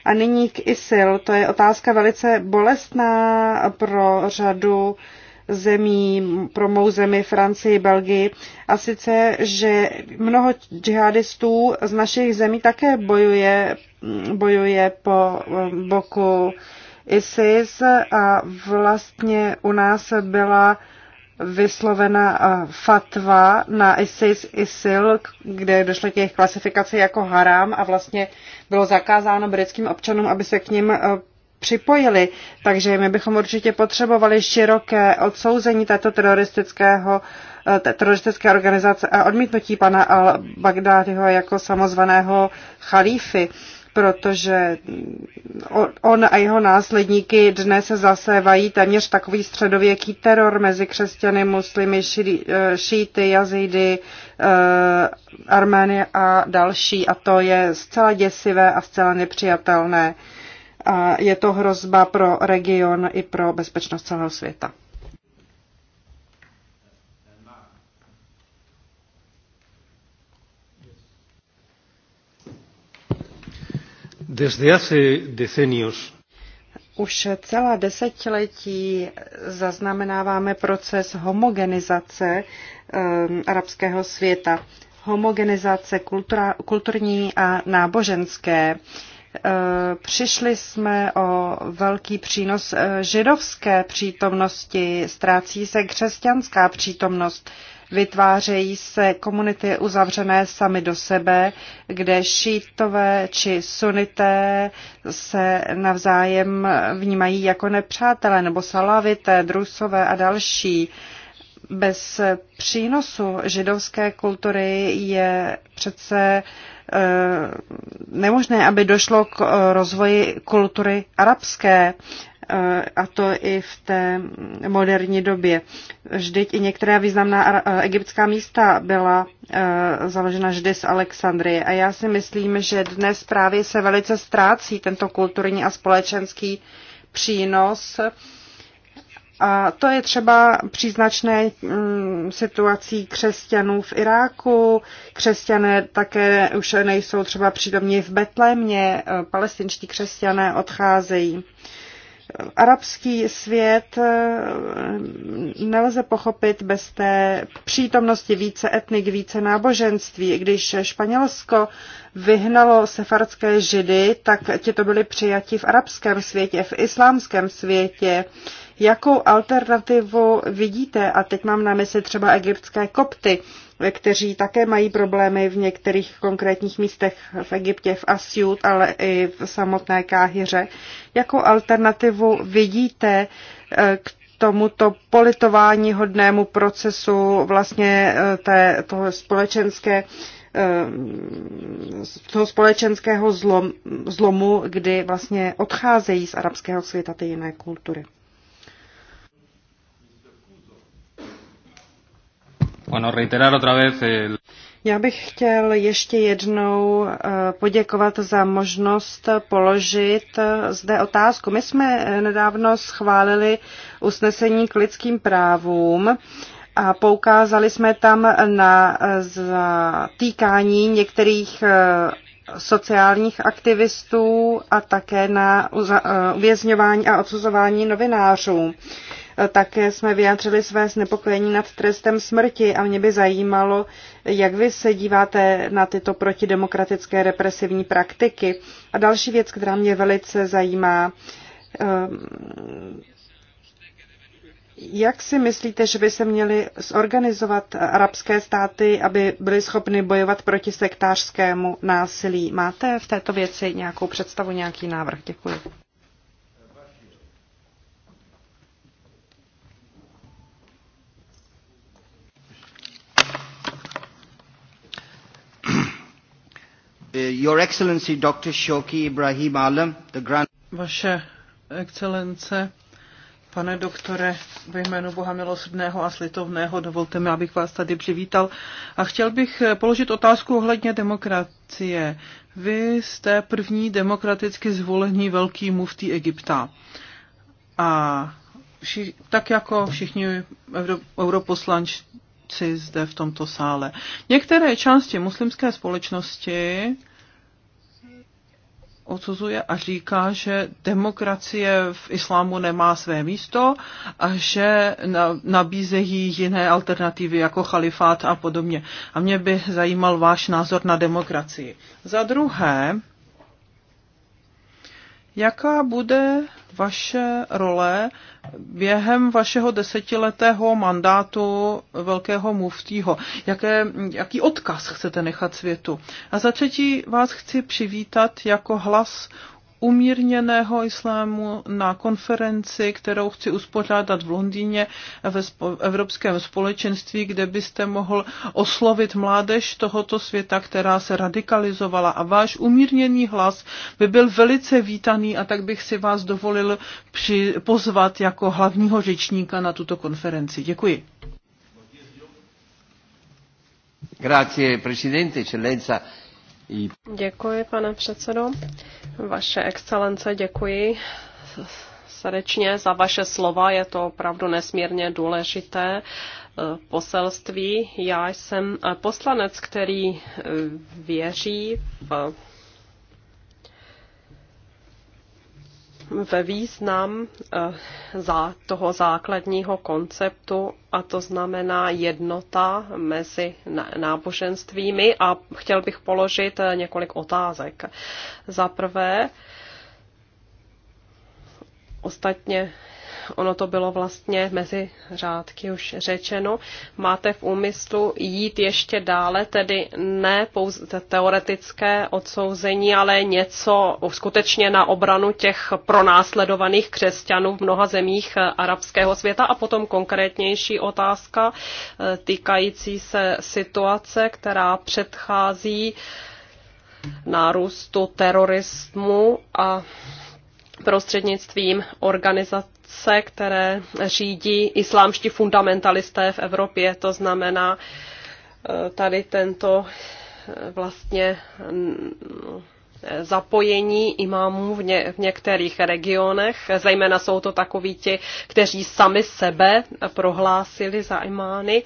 A nyní k ISIL. To je otázka velice bolestná pro řadu zemí, pro mou zemi, Francii, Belgii. A sice, že mnoho džihadistů z našich zemí také bojuje, bojuje po boku ISIS a vlastně u nás byla vyslovena eh, fatva na ISIS, ISIL, kde došlo k jejich klasifikaci jako haram a vlastně bylo zakázáno britským občanům, aby se k ním eh, připojili. Takže my bychom určitě potřebovali široké odsouzení této teroristického, eh, teroristické organizace a odmítnutí pana al-Bagdádiho jako samozvaného chalífy protože on a jeho následníky dnes se zasévají téměř takový středověký teror mezi křesťany, muslimy, eh, šíty, jazidy, eh, armény a další. A to je zcela děsivé a zcela nepřijatelné. A je to hrozba pro region i pro bezpečnost celého světa. Desde hace decenios už celá desetiletí zaznamenáváme proces homogenizace um, arabského světa. Homogenizace kultura, kulturní a náboženské. Ehm, přišli jsme o velký přínos ehm, židovské přítomnosti, ztrácí se křesťanská přítomnost. Vytvářejí se komunity uzavřené sami do sebe, kde šítové či sunité se navzájem vnímají jako nepřátelé, nebo salavité, drusové a další. Bez přínosu židovské kultury je přece uh, Eh, nemožné, aby došlo k eh, rozvoji kultury arabské, eh, a to i v té moderní době. Vždyť i některá významná egyptská místa byla založena vždy z Alexandrie. A já si myslím, že dnes právě se velice ztrácí tento kulturní a společenský přínos a to je třeba příznačné mm, situací křesťanů v Iráku. Křesťané také už nejsou třeba přítomní v Betlémě, palestinští křesťané odcházejí. Arabský svět mm, nelze pochopit bez té přítomnosti více etnik, více náboženství. Když Španělsko vyhnalo sefardské židy, tak ti to byli přijati v arabském světě, v islámském světě Jakou alternativu vidíte, a teď mám na mysli třeba egyptské kopty, kteří také mají problémy v některých konkrétních místech v Egyptě, v Asiut, ale i v samotné Káhyře. Jakou alternativu vidíte eh, k tomuto politování hodnému procesu vlastně eh, té, toho společenské eh, toho společenského zlom, zlomu, kdy vlastně odcházejí z arabského světa ty jiné kultury. Bueno, reiterar otra vez el... Já bych chtěl ještě jednou eh, poděkovat za možnost položit eh, zde otázku. My jsme eh, nedávno schválili usnesení k lidským právům a poukázali jsme tam na týkání některých sociálních aktivistů a také na uvězňování a odsuzování novinářů. Eh, také jsme vyjádřili své znepokojení nad trestem smrti a mě by zajímalo, jak vy se díváte na tyto protidemokratické represivní praktiky. A další věc, která mě velice zajímá, ehm, jak si myslíte, že by se měly zorganizovat arabské státy, aby byly schopny bojovat proti sektářskému násilí? Máte v této věci nějakou představu, nějaký návrh? Děkuji. Uh, Your Excellency Dr. Shoki Ibrahim Alam, the Grand... Vaše excelence, pane doktore, ve jménu Boha milosrdného a slitovného, dovolte mi, abych vás tady přivítal. A chtěl bych eh, položit otázku ohledně demokracie. Vy jste první demokraticky zvolený velký muftý Egypta. A vši, tak jako všichni europoslanci korupci zde v tomto sále. Některé části muslimské společnosti odsuzuje a říká, že demokracie v islámu nemá své místo a že nabízejí jiné alternativy jako chalifát a podobně. A mě by zajímal váš názor na demokracii. Za druhé, Jaká bude vaše role během vašeho desetiletého mandátu velkého muftího? Jaké, jaký odkaz chcete nechat světu? A za třetí vás chci přivítat jako hlas umírněného islámu na konferenci, kterou chci uspořádat v Londýně ve Evropském společenství, kde byste mohl oslovit mládež tohoto světa, která se radikalizovala. A váš umírněný hlas by byl velice vítaný a tak bych si vás dovolil při, pozvat jako hlavního řečníka na tuto konferenci. Děkuji. Grazie Presidente, Eccellenza. Děkuji, pane předsedo. Vaše excelence, děkuji srdečně za vaše slova. Je to opravdu nesmírně důležité eh, poselství. Já jsem eh, poslanec, který eh, věří v ve význam eh, za toho základního konceptu, a to znamená jednota mezi náboženstvími. A chtěl bych položit eh, několik otázek. Za prvé, ostatně ono to bylo vlastně mezi řádky už řečeno, máte v úmyslu jít ještě dále, tedy ne pouze teoretické odsouzení, ale něco skutečně na obranu těch pronásledovaných křesťanů v mnoha zemích eh, arabského světa a potom konkrétnější otázka eh, týkající se situace, která předchází nárůstu terorismu a prostřednictvím organizace, které řídí islámští fundamentalisté v Evropě. To znamená eh, tady tento eh, vlastně eh, zapojení imámů v, ně, v některých regionech. Zejména jsou to takoví ti, kteří sami sebe prohlásili za imány.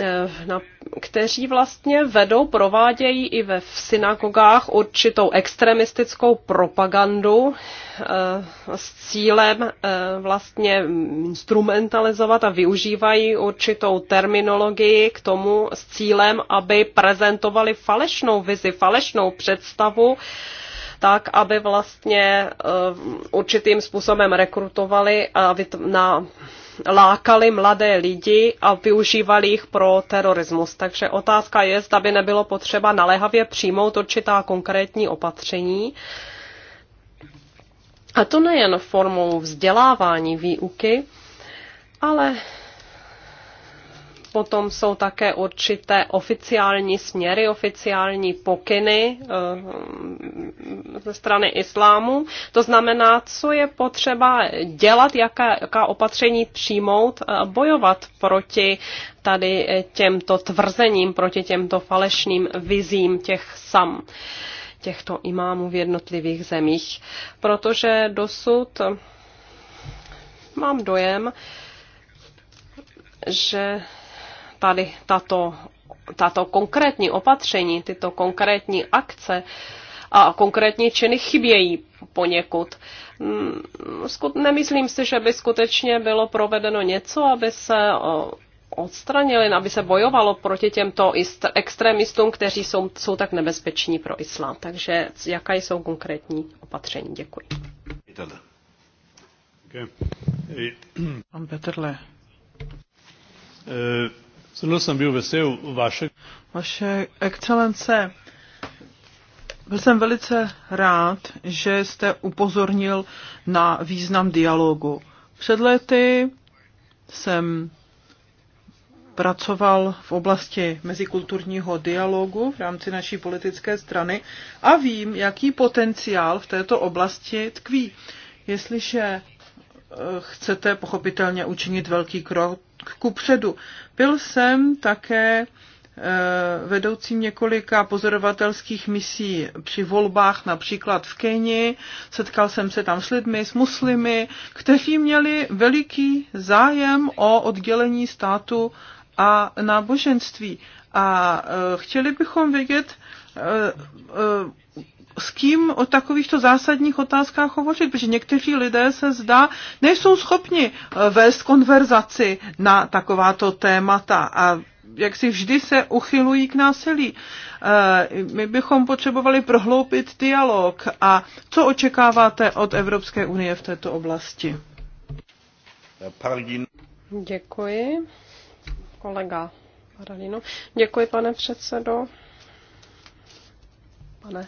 Eh, na, kteří vlastně vedou, provádějí i ve v synagogách určitou extremistickou propagandu eh, s cílem eh, vlastně instrumentalizovat a využívají určitou terminologii k tomu s cílem, aby prezentovali falešnou vizi, falešnou představu tak, aby vlastně určitým způsobem rekrutovali a na lákali mladé lidi a využívali jich pro terorismus. Takže otázka je, zda by nebylo potřeba naléhavě přijmout určitá konkrétní opatření. A to nejen formou vzdělávání výuky, ale Potom jsou také určité oficiální směry, oficiální pokyny eh, ze strany islámu. To znamená, co je potřeba dělat, jaká, jaká opatření přijmout, bojovat proti tady těmto tvrzením, proti těmto falešným vizím těch sam těchto imámů v jednotlivých zemích. Protože dosud mám dojem, že tady tato, tato konkrétní opatření, tyto konkrétní akce a konkrétní činy chybějí poněkud. Mm, nemyslím si, že by skutečně bylo provedeno něco, aby se odstranili, aby se bojovalo proti těmto extremistům, kteří jsou, jsou tak nebezpeční pro islám. Takže jaká jsou konkrétní opatření? Děkuji. Eh, Pan Petrle. Eh, Zelo sem bil vesel vaše. Vaše excelence, byl jsem velice rád, že jste upozornil na význam dialogu. Před lety jsem pracoval v oblasti mezikulturního dialogu v rámci naší politické strany a vím, jaký potenciál v této oblasti tkví. Jestliže eh, chcete pochopitelně učinit velký krok krok ku předu. Byl jsem také eh, vedoucím několika pozorovatelských misí při volbách, například v Keni. Setkal jsem se tam s lidmi, s muslimy, kteří měli veliký zájem o oddělení státu a náboženství. A eh, chtěli bychom vědět, eh, s kým o takovýchto zásadních otázkách hovořit, protože někteří lidé se zdá, nejsou schopni eh, vést konverzaci na takováto témata a jak si vždy se uchylují k násilí. Eh, my bychom potřebovali prohloupit dialog. A co očekáváte od Evropské unie v této oblasti? Děkuji. Kolega Paralino. Děkuji, pane předsedo. Pane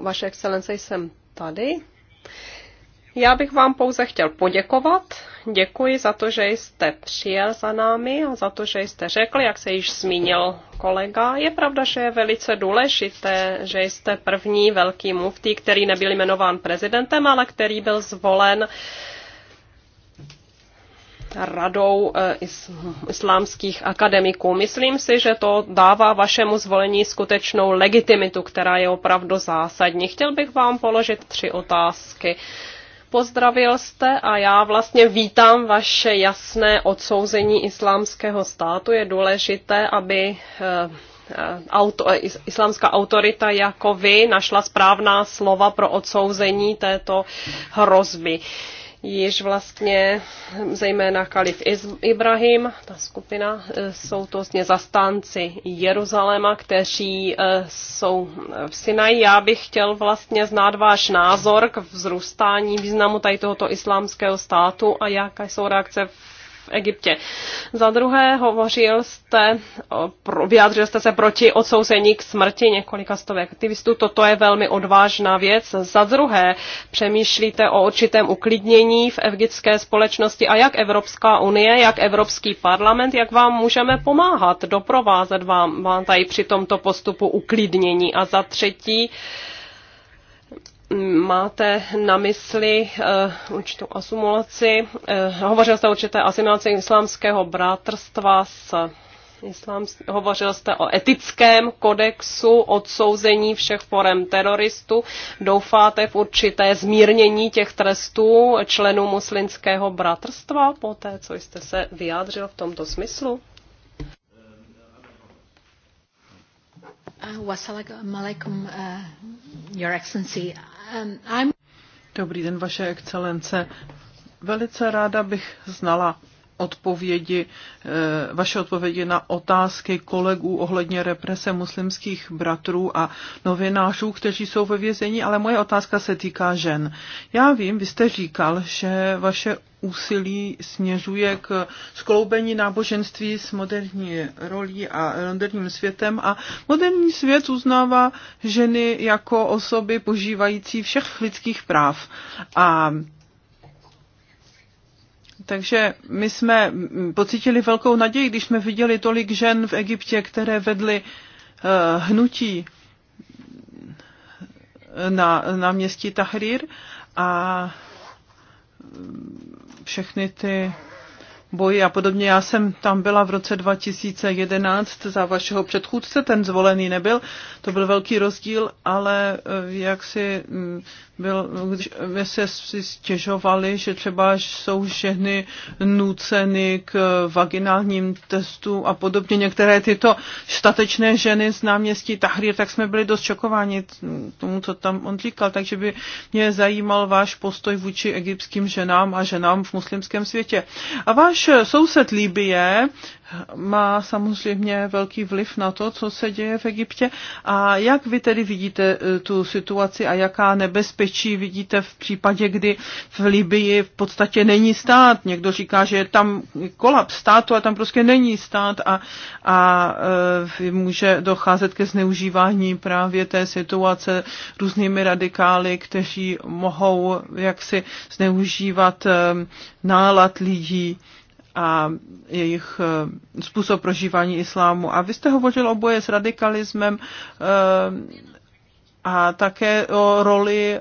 vaše excelence, jsem tady. Já bych vám pouze chtěl poděkovat. Děkuji za to, že jste přijel za námi a za to, že jste řekl, jak se již zmínil kolega. Je pravda, že je velice důležité, že jste první velký muftý, který nebyl jmenován prezidentem, ale který byl zvolen uh, radou eh, islámských akademiků. Myslím si, že to dává vašemu zvolení skutečnou legitimitu, která je opravdu zásadní. Chtěl bych vám položit tři otázky pozdravil jste a já vlastně vítám vaše jasné odsouzení islámského státu. Je důležité, aby eh, auto, eh, islámská autorita jako vy našla správná slova pro odsouzení této hrozby. Uh, již vlastně zejména kalif Ibrahim, ta skupina, e, jsou to vlastně zastánci Jeruzaléma, kteří e, jsou v Sinaji. Já bych chtěl vlastně znát váš názor k vzrůstání významu tady tohoto islámského státu a jaké jsou reakce v v Egyptě. Za druhé, hovořil jste, vyjádřil jste se proti odsouzení k smrti několika stovek aktivistů. Toto je velmi odvážná věc. Za druhé, přemýšlíte o určitém uklidnění v egyptské společnosti a jak Evropská unie, jak Evropský parlament, jak vám můžeme pomáhat, doprovázet vám, vám tady při tomto postupu uklidnění. A za třetí, uh, máte na mysli uh, určitou asumulaci. Uh, eh, hovořil jste o určité asimilaci islámského bratrstva? s islám, hovořil jste o etickém kodexu, odsouzení všech forem teroristů. Doufáte v určité zmírnění těch trestů členů muslimského bratrstva po té, co jste se vyjádřil v tomto smyslu? Uh, um, uh, um, Dobrý den, Vaše excelence. Velice ráda bych znala odpovědi, eh, vaše odpovědi na otázky kolegů ohledně represe muslimských bratrů a novinářů, kteří jsou ve vězení, ale moje otázka se týká žen. Já vím, vy jste říkal, že vaše úsilí směřuje k skloubení náboženství s moderní rolí a moderním světem a moderní svět uznává ženy jako osoby požívající všech lidských práv. A takže my jsme pocítili velkou naději, když jsme viděli tolik žen v Egyptě, které vedly eh, hnutí eh, na, na městí Tahrir a mm, všechny ty boji a podobně. Já jsem tam byla v roce 2011 za vašeho předchůdce, ten zvolený nebyl, to byl velký rozdíl, ale eh, jak si mm, byl, když eh, se si stěžovali, že třeba jsou ženy nuceny k eh, vaginálním testům a podobně. Některé tyto statečné ženy z náměstí Tahrir, tak jsme byli dost šokováni tomu, co tam on říkal. Takže by mě zajímal váš postoj vůči egyptským ženám a ženám v muslimském světě. A váš soused Líbie má samozřejmě velký vliv na to, co se děje v Egyptě. A jak vy tedy vidíte eh, tu situaci a jaká nebezpečí vidíte v případě, kdy v Libii v podstatě není stát? Někdo říká, že je tam kolaps státu a tam prostě není stát a, a e, může docházet ke zneužívání právě té situace různými radikály, kteří mohou jaksi zneužívat e, nálad lidí a jejich eh, způsob prožívání islámu. A vy jste hovořil o boje s radikalismem eh, a také o roli eh,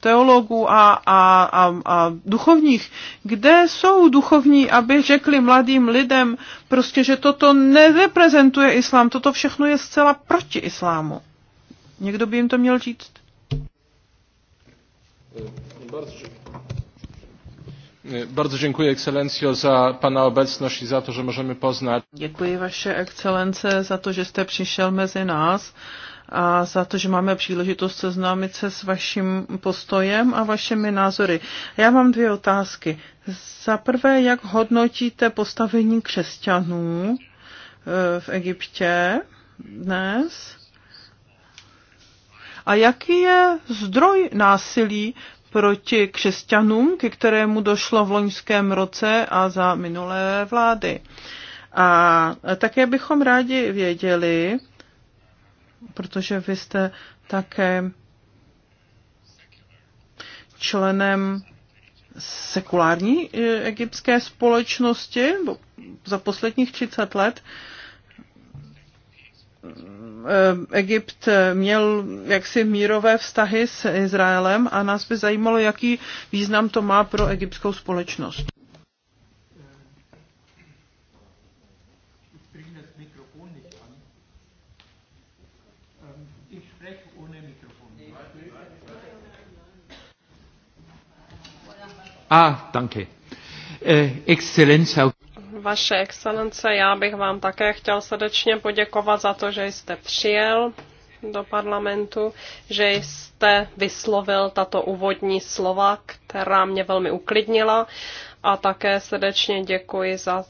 teologů a, a, a, a duchovních. Kde jsou duchovní, aby řekli mladým lidem prostě, že toto nereprezentuje islám, toto všechno je zcela proti islámu? Někdo by jim to měl říct? E, bardzo dziękuję ekscelencjo za Pana obecność i za to, že możemy poznać. Děkuji wasze ekscelencje za to, že jste přišel mezi nás a za to, že máme příležitost seznámit se s vaším postojem a vašimi názory. Já mám dvě otázky. Za prvé, jak hodnotíte postavení křesťanů e, v Egyptě dnes? A jaký je zdroj násilí proti křesťanům, ke kterému došlo v loňském roce a za minulé vlády. A také bychom rádi věděli, protože vy jste také členem sekulární e, egyptské společnosti za posledních 30 let, Eh, Egypt měl jaksi mírové vztahy s Izraelem a nás by zajímalo, jaký význam to má pro egyptskou společnost. Ah, danke. Äh, Exzellenz, Herr vaše excelence, já bych vám také chtěl srdečně poděkovat za to, že jste přijel do parlamentu, že jste vyslovil tato úvodní slova, která mě velmi uklidnila a také srdečně děkuji za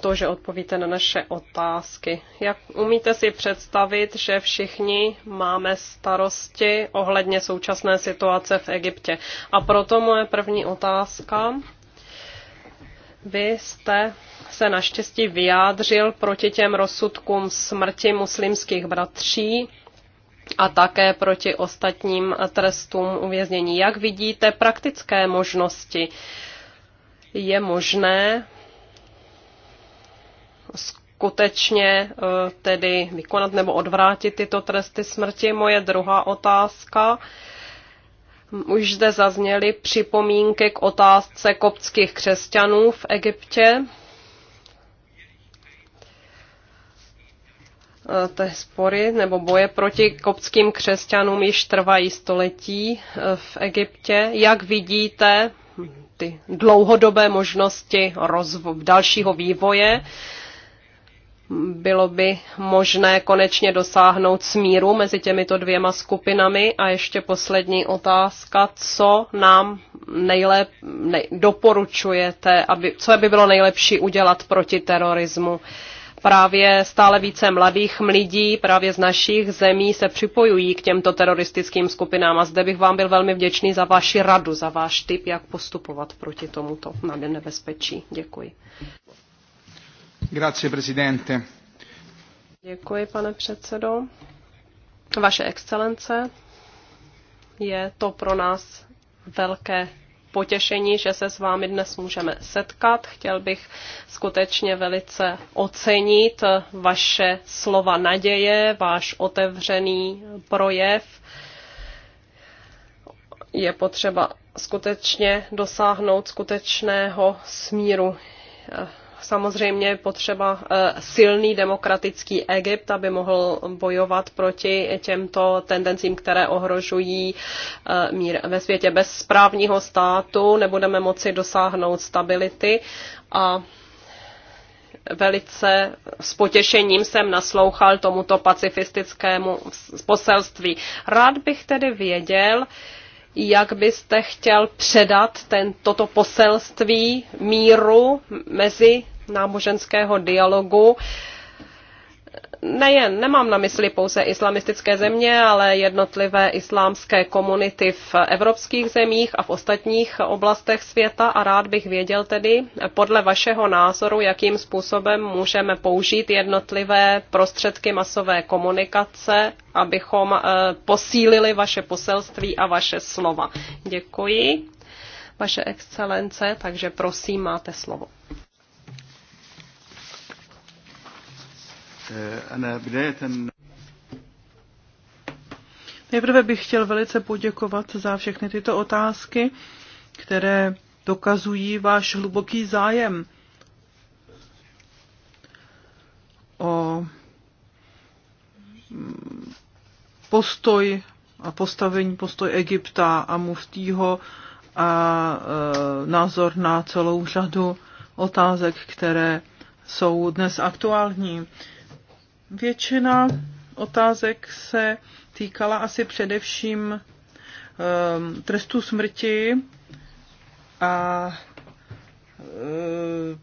to, že odpovíte na naše otázky. Jak umíte si představit, že všichni máme starosti ohledně současné situace v Egyptě? A proto moje první otázka vy jste se naštěstí vyjádřil proti těm rozsudkům smrti muslimských bratří a také proti ostatním trestům uvěznění. Jak vidíte praktické možnosti? Je možné skutečně eh, tedy vykonat nebo odvrátit tyto tresty smrti? Moje druhá otázka už zde zazněly připomínky k otázce koptských křesťanů v Egyptě. E, ty spory nebo boje proti koptským křesťanům již trvají století e, v Egyptě. Jak vidíte ty dlouhodobé možnosti rozvo- dalšího vývoje bylo by možné konečně dosáhnout smíru mezi těmito dvěma skupinami. A ještě poslední otázka, co nám nejlep, ne, doporučujete, aby, co by bylo nejlepší udělat proti terorismu. Právě stále více mladých lidí právě z našich zemí se připojují k těmto teroristickým skupinám a zde bych vám byl velmi vděčný za vaši radu, za váš tip, jak postupovat proti tomuto nebezpečí. Děkuji. Děkuji, pane předsedo. Vaše excelence, je to pro nás velké potěšení, že se s vámi dnes můžeme setkat. Chtěl bych skutečně velice ocenit vaše slova naděje, váš otevřený projev. Je potřeba skutečně dosáhnout skutečného smíru samozřejmě potřeba eh, silný demokratický Egypt, aby mohl bojovat proti těmto tendencím, které ohrožují eh, mír ve světě. Bez správního státu nebudeme moci dosáhnout stability a velice s potěšením jsem naslouchal tomuto pacifistickému poselství. Rád bych tedy věděl, jak byste chtěl předat ten, toto poselství míru mezi náboženského dialogu. Nejen, nemám na mysli pouze islamistické země, ale jednotlivé islámské komunity v evropských zemích a v ostatních oblastech světa a rád bych věděl tedy podle vašeho názoru, jakým způsobem můžeme použít jednotlivé prostředky masové komunikace, abychom eh, posílili vaše poselství a vaše slova. Děkuji, vaše excelence, takže prosím, máte slovo. أنا eh, بداية Nejprve bych chtěl velice poděkovat za všechny tyto otázky, které dokazují váš hluboký zájem o mm, postoj a postavení postoj Egypta a muftího a e, názor na celou řadu otázek, které jsou dnes aktuální. E, Většina otázek se týkala asi především um, trestu smrti a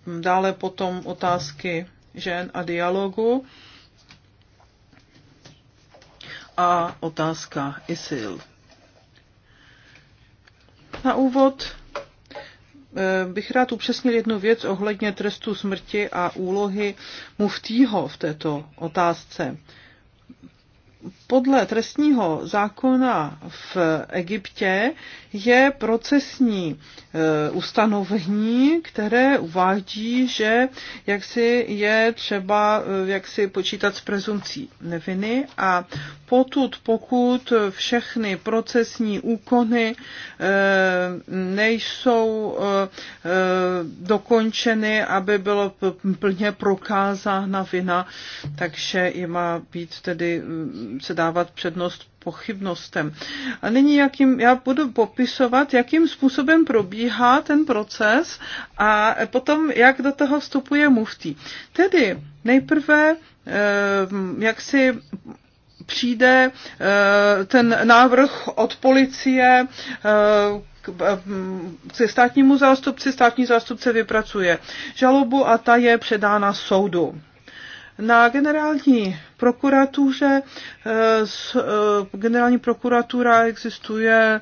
um, dále potom otázky žen a dialogu a otázka ISIL. Na úvod Eh, bych rád upřesnil jednu věc ohledně trestu smrti a úlohy muftího v této otázce podle trestního zákona v Egyptě je procesní e, ustanovení, které uvádí, že jak si je třeba e, jak si počítat s prezumcí neviny a potud, pokud všechny procesní úkony e, nejsou dokončeny, aby bylo plně prokázána vina, takže je má být tedy se dávat přednost pochybnostem. A nyní jakým, já budu popisovat, jakým způsobem probíhá ten proces a potom, jak do toho vstupuje muftí. Tedy nejprve, eh, jak si přijde eh, ten návrh od policie se eh, státnímu zástupci, státní zástupce vypracuje žalobu a ta je předána soudu na generální prokuratuře. Eh, eh, generální prokuratura existuje eh,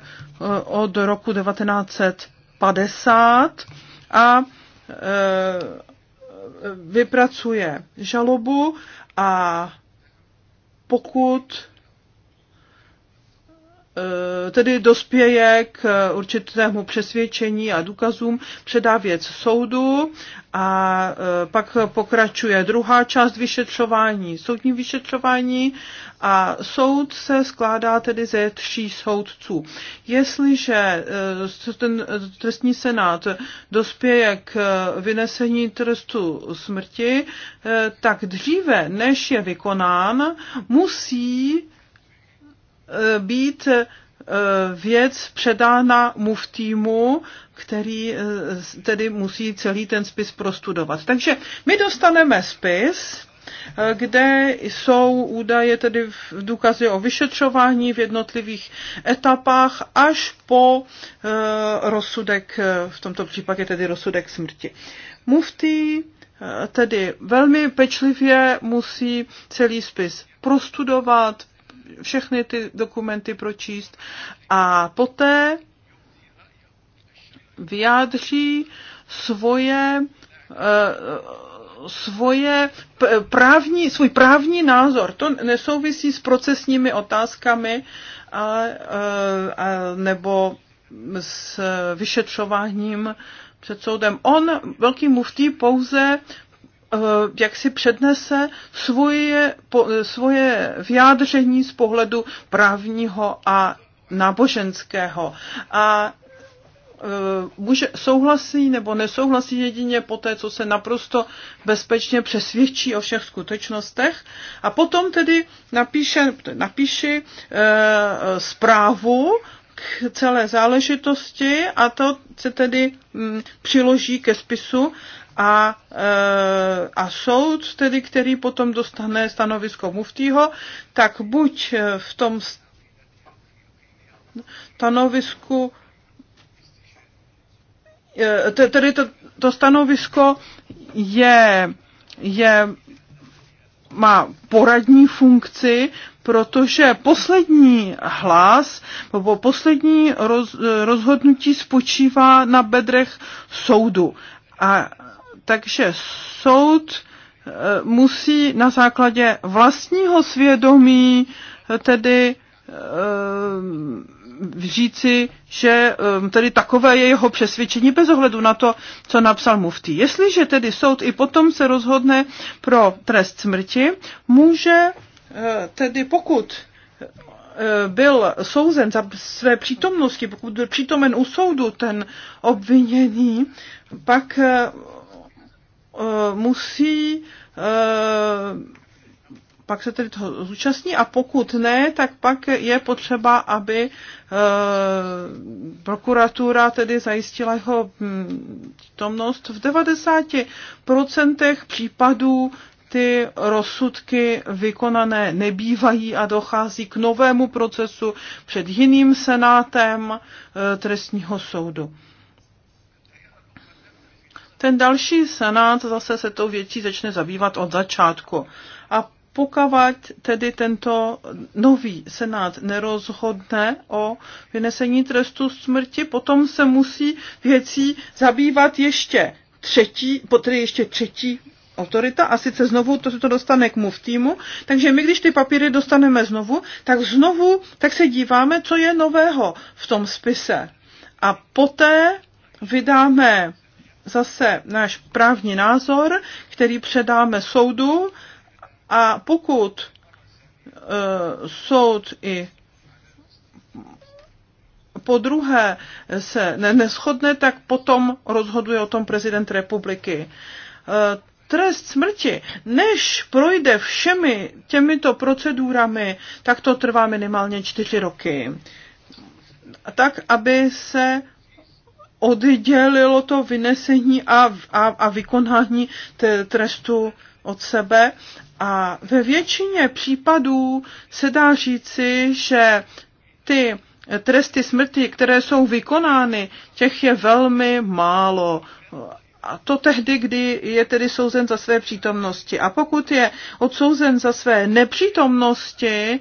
od roku 1950 a vypracuje žalobu a pokud Eh, tedy dospěje k určitému přesvědčení a důkazům, předá věc soudu a eh, pak pokračuje druhá část vyšetřování, soudní vyšetřování a soud se skládá tedy ze tří soudců. Jestliže eh, ten trestní senát dospěje k vynesení trestu smrti, tak dříve, než je vykonán, musí Eh, být eh, věc předána muftímu, který eh, tedy musí celý ten spis prostudovat. Takže my dostaneme spis, kde jsou údaje, tedy v důkazy o vyšetřování v jednotlivých etapách až po rozsudek, v tomto případě tedy rozsudek smrti. Muftý tedy velmi pečlivě musí celý spis prostudovat, všechny ty dokumenty pročíst a poté vyjádří svoje eh, svoje právní, svůj právní názor. To nesouvisí s procesními otázkami a, eh, a, nebo s vyšetřováním před soudem. On, velký muftí, pouze Eh, jak si přednese svoje, svoje vyjádření z pohledu právního a náboženského. A může eh, souhlasí nebo nesouhlasí jedině po té, co se naprosto bezpečně přesvědčí o všech skutečnostech a potom tedy napíše, napíše e, eh, zprávu k celé záležitosti a to se tedy m, hm, přiloží ke spisu a, eh, a soud, tedy který potom dostane stanovisko muftího, tak buď eh, v tom stanovisku eh, tedy to, to stanovisko je, je má poradní funkci, protože poslední hlas nebo poslední roz, rozhodnutí spočívá na bedrech soudu. A takže soud eh, musí na základě vlastního svědomí eh, tedy eh, říci, že tedy takové je jeho přesvědčení bez ohledu na to, co napsal muftý. Jestliže tedy soud i potom se rozhodne pro trest smrti, může tedy pokud byl souzen za své přítomnosti, pokud byl přítomen u soudu ten obviněný, pak Eh, musí eh, pak se tedy toho zúčastní a pokud ne, tak pak je potřeba, aby e, prokuratura tedy zajistila jeho přítomnost. Hm, v 90% případů ty rozsudky vykonané nebývají a dochází k novému procesu před jiným senátem e, trestního soudu. Ten další senát zase se tou věcí začne zabývat od začátku. A pokud tedy tento nový senát nerozhodne o vynesení trestu smrti, potom se musí věcí zabývat ještě třetí, potry ještě třetí autorita a sice znovu to se to dostane k muftýmu. Takže my, když ty papíry dostaneme znovu, tak znovu tak se díváme, co je nového v tom spise. A poté vydáme zase náš právní názor, který předáme soudu a pokud uh, soud i po druhé se neschodne, tak potom rozhoduje o tom prezident republiky. E, trest smrti, než projde všemi těmito procedurami, tak to trvá minimálně čtyři roky. Tak, aby se oddělilo to vynesení a, a, a vykonání trestu od sebe. A ve většině případů se dá říci, že ty tresty smrti, které jsou vykonány, těch je velmi málo. A to tehdy, kdy je tedy souzen za své přítomnosti. A pokud je odsouzen za své nepřítomnosti,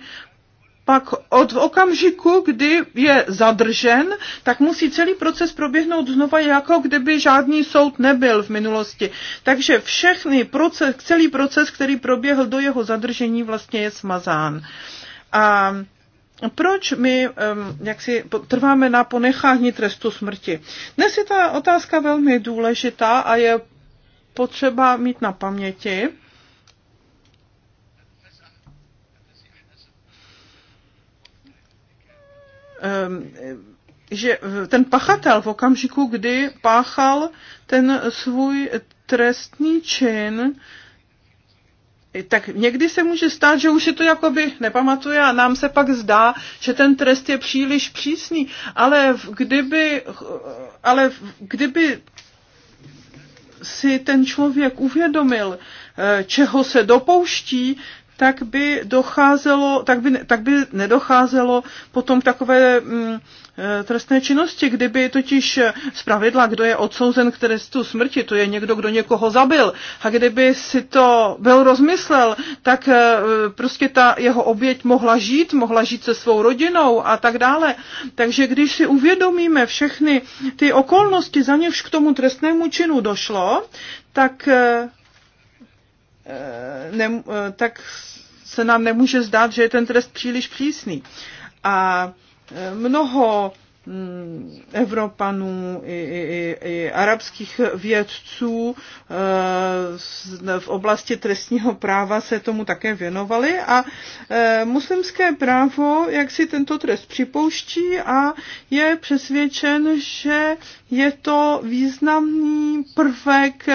pak od okamžiku, kdy je zadržen, tak musí celý proces proběhnout znova, jako kdyby žádný soud nebyl v minulosti. Takže všechny proces, celý proces, který proběhl do jeho zadržení, vlastně je smazán. A proč my jak si trváme na ponechání trestu smrti? Dnes je ta otázka velmi důležitá a je potřeba mít na paměti, Ehm, že ten pachatel v okamžiku, kdy páchal ten svůj trestný čin, tak někdy se může stát, že už je to jakoby nepamatuje a nám se pak zdá, že ten trest je příliš přísný, ale kdyby, ale kdyby si ten člověk uvědomil, eh, čeho se dopouští, tak by docházelo, tak by, tak by nedocházelo potom takové mm, eh, trestné činnosti, kdyby totiž z pravidla, kdo je odsouzen k trestu smrti, to je někdo, kdo někoho zabil. A kdyby si to byl rozmyslel, tak eh, prostě ta jeho oběť mohla žít, mohla žít se svou rodinou a tak dále. Takže když si uvědomíme všechny ty okolnosti, za něž k tomu trestnému činu došlo, tak eh, ne, tak se nám nemůže zdát, že je ten trest příliš přísný. A e, mnoho mm, Evropanů i, i, i arabských vědců e, v oblasti trestního práva se tomu také věnovali a e, muslimské právo jak si tento trest připouští a je přesvědčen, že je to významný prvek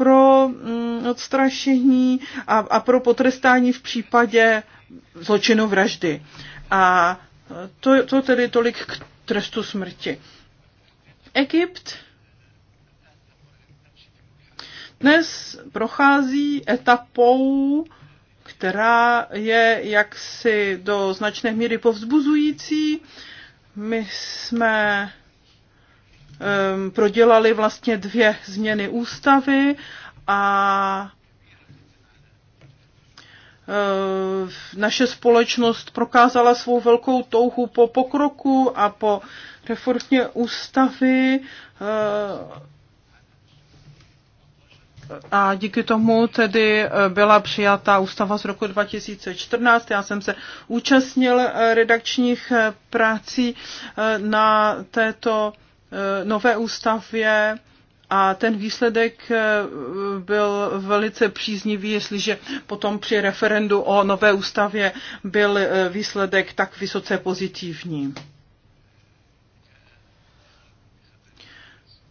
pro mm, odstrašení a, a pro potrestání v případě zločinu vraždy. A to, to tedy tolik k trestu smrti. Egypt dnes prochází etapou, která je jaksi do značné míry povzbuzující. My jsme Ehm, prodělali vlastně dvě změny ústavy a ehm, naše společnost prokázala svou velkou touhu po pokroku a po reformě ústavy ehm, a díky tomu tedy eh, byla přijata ústava z roku 2014. Já jsem se účastnil eh, redakčních eh, prací na této Eh, nové ústavě a ten výsledek eh, byl velice příznivý, jestliže potom při referendu o nové ústavě byl eh, výsledek tak vysoce pozitivní.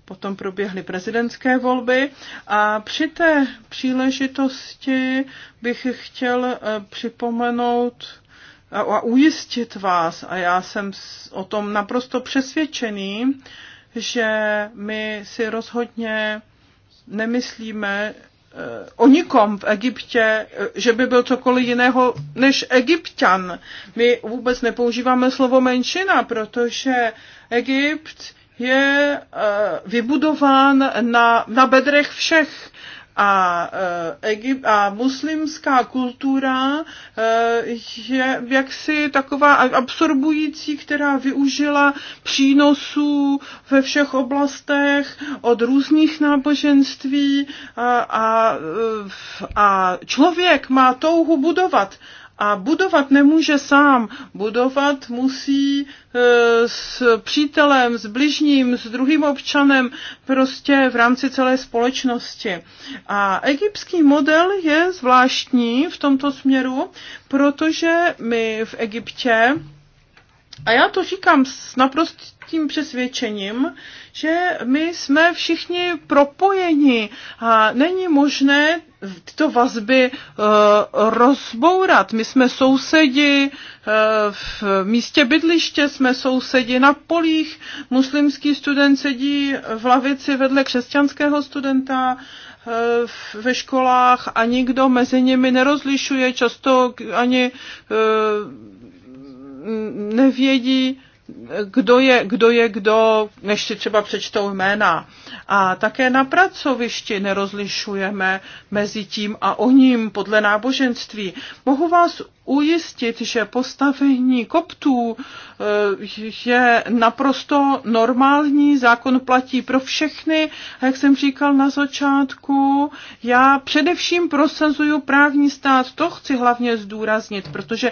Potom proběhly prezidentské volby a při té příležitosti bych chtěl připomenout a ujistit vás, a já jsem o tom naprosto přesvědčený, že my si rozhodně nemyslíme eh, o nikom v Egyptě, eh, že by byl cokoliv jiného než egyptian. My vůbec nepoužíváme slovo menšina, protože Egypt je eh, vybudován na, na bedrech všech a, eh, Egypt, a muslimská kultura eh, je jaksi taková absorbující, která využila přínosů ve všech oblastech od různých náboženství eh, a, a, a člověk má touhu budovat a budovat nemůže sám. Budovat musí e, s přítelem, s bližním, s druhým občanem, prostě v rámci celé společnosti. A egyptský model je zvláštní v tomto směru, protože my v Egyptě, a já to říkám s naprostým přesvědčením, že my jsme všichni propojeni a není možné tyto vazby eh, rozbourat. My jsme sousedi eh, v místě bydliště, jsme sousedi na polích, muslimský student sedí v lavici vedle křesťanského studenta eh, ve školách a nikdo mezi nimi nerozlišuje, často ani nevědí, kdo je, kdo je kdo, než si třeba přečtou jména. A také na pracovišti nerozlišujeme mezi tím a o ním podle náboženství. Mohu vás ujistit, že postavení koptů eh, je naprosto normální, zákon platí pro všechny. A jak jsem říkal na začátku, já především prosazuju právní stát, to chci hlavně zdůraznit, protože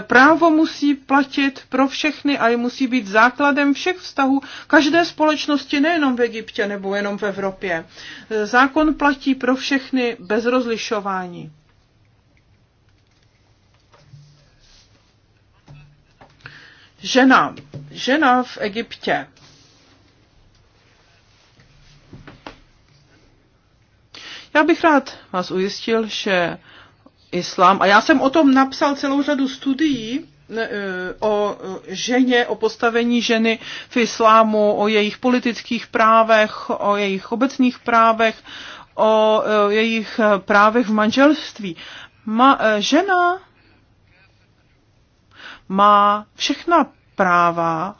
právo musí platit pro všechny a je musí být základem všech vztahů každé společnosti, nejenom v Egyptě nebo jenom v Evropě. Eh, zákon platí pro všechny bez rozlišování. Žena. Žena v Egyptě. Já bych rád vás ujistil, že islám, a já jsem o tom napsal celou řadu studií, e, o ženě, o postavení ženy v islámu, o jejich politických právech, o jejich obecných právech, o e, jejich e, právech v manželství. Ma, žena má všechna práva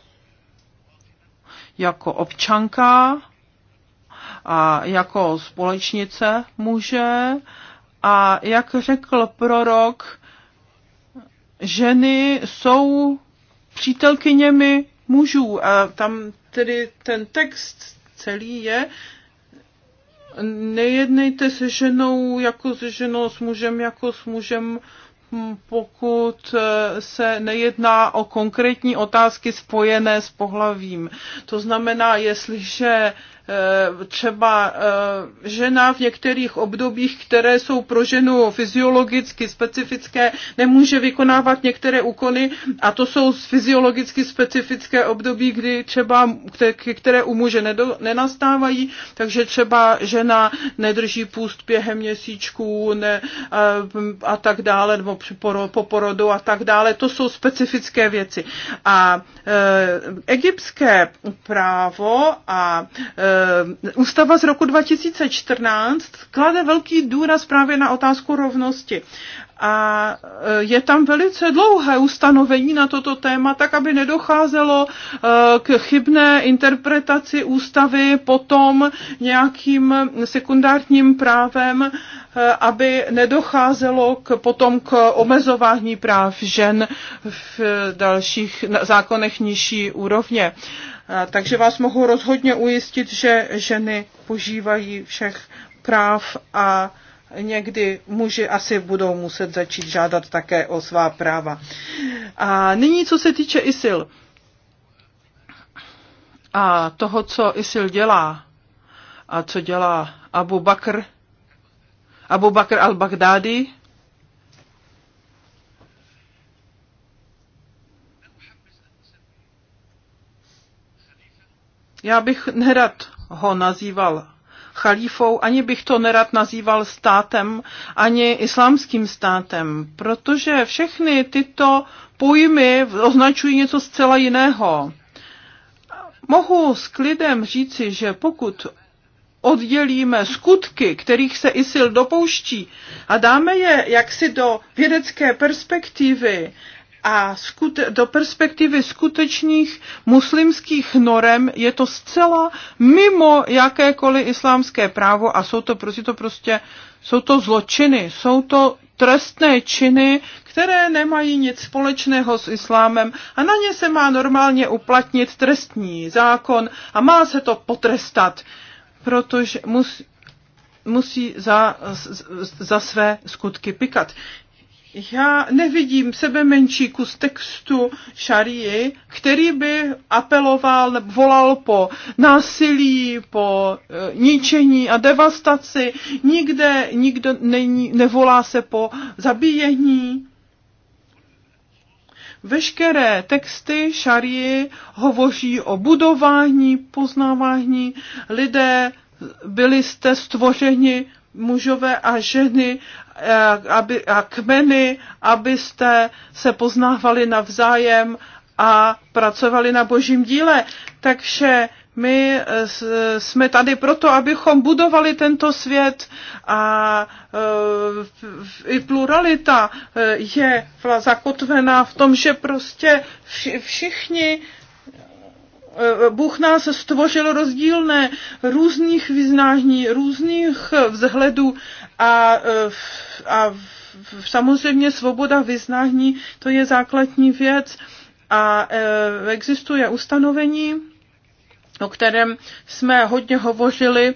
jako občanka a jako společnice muže a jak řekl prorok, ženy jsou přítelkyněmi mužů a tam tedy ten text celý je, nejednejte se ženou jako se ženou, s mužem jako s mužem, Hmm, pokud eh, se nejedná o konkrétní otázky spojené s pohlavím. To znamená, jestliže Eh, třeba eh, žena v některých obdobích, které jsou pro ženu fyziologicky specifické, nemůže vykonávat některé úkony a to jsou fyziologicky specifické období, kdy třeba, které u muže nedo, nenastávají, takže třeba žena nedrží půst během měsíčků ne, a, eh, a tak dále, nebo po porodu a tak dále. To jsou specifické věci. A e, egyptské právo a e, Eh, ústava z roku 2014 klade velký důraz právě na otázku rovnosti. A eh, je tam velice dlouhé ustanovení na toto téma, tak aby nedocházelo eh, k chybné interpretaci ústavy potom nějakým sekundárním právem, aby nedocházelo k, potom k omezování práv žen v dalších zákonech nižší úrovně. Uh, takže vás mohu rozhodně ujistit, že ženy požívají všech práv a někdy muži asi budou muset začít žádat také o svá práva. A nyní, co se týče ISIL a toho, co ISIL dělá a co dělá Abu Bakr, Abu Bakr al-Baghdadi, Já bych nerad ho nazýval chalífou, ani bych to nerad nazýval státem, ani islámským státem, protože všechny tyto pojmy označují něco zcela jiného. Mohu s klidem říci, že pokud oddělíme skutky, kterých se ISIL dopouští a dáme je jaksi do vědecké perspektivy a do perspektivy skutečných muslimských norem je to zcela mimo jakékoliv islámské právo a jsou to, prostě to prostě, jsou to zločiny, jsou to trestné činy, které nemají nic společného s islámem a na ně se má normálně uplatnit trestní zákon a má se to potrestat, protože musí, musí za, za své skutky pikat já nevidím sebe menší kus textu šarii, který by apeloval, volal po násilí, po e, ničení a devastaci. Nikde nikdo není, nevolá se po zabíjení. Veškeré texty šarii hovoří o budování, poznávání. Lidé byli jste stvořeni mužové a ženy eh, aby, a kmeny, abyste se poznávali navzájem a pracovali na božím díle. Takže my eh, jsme tady proto, abychom budovali tento svět a eh, i pluralita je zakotvená v tom, že prostě všichni Eh, Bůh nás stvořil rozdílné, různých vyznání, různých vzhledů a, eh, a samozřejmě svoboda vyznání, to je základní věc a eh, existuje ustanovení, o kterém jsme hodně hovořili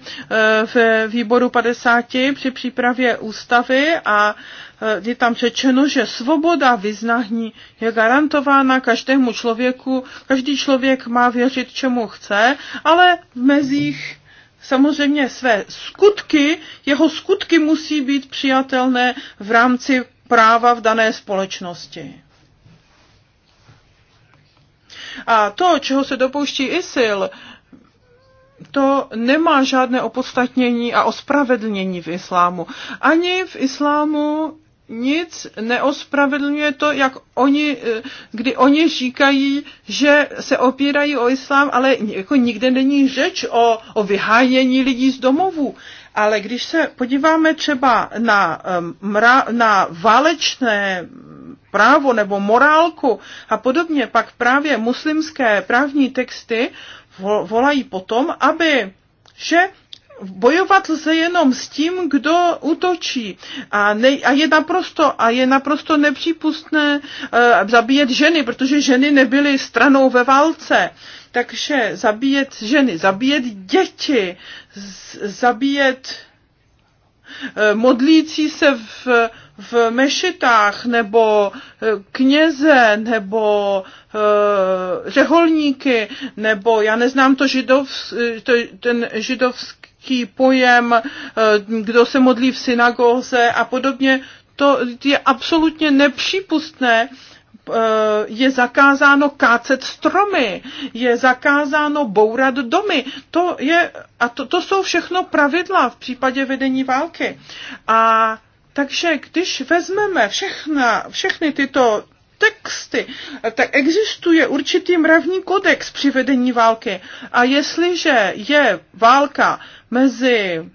v výboru 50 při přípravě ústavy a Eh, je tam řečeno, že svoboda vyznání je garantována každému člověku, každý člověk má věřit, čemu chce, ale v mezích samozřejmě své skutky, jeho skutky musí být přijatelné v rámci práva v dané společnosti. A to, čeho se dopouští ISIL, to nemá žádné opodstatnění a ospravedlnění v islámu. Ani v islámu nic neospravedlňuje to, jak oni, eh, kdy oni říkají, že se opírají o islám, ale jako nikde není řeč o, o vyhájení lidí z domovů. Ale když se podíváme třeba na, mra, na válečné právo nebo morálku a podobně, pak právě muslimské právní texty volají potom, aby že bojovat lze jenom s tím, kdo útočí. A, ne, a, je, naprosto, a je naprosto nepřípustné uh, zabíjet ženy, protože ženy nebyly stranou ve válce. Takže zabíjet ženy, zabíjet děti, z, zabíjet uh, modlící se v, v mešitách, nebo eh, kněze, nebo e, řeholníky, nebo já neznám to židovs, to, ten židovský nějaký pojem, eh, kdo se modlí v synagóze a podobně. To je absolutně nepřípustné, eh, je zakázáno kácet stromy, je zakázáno bourat domy. To je, a to, to jsou všechno pravidla v případě vedení války. A takže když vezmeme všechna, všechny tyto texty, tak existuje určitý mravní kodex při vedení války. A jestliže je válka mezi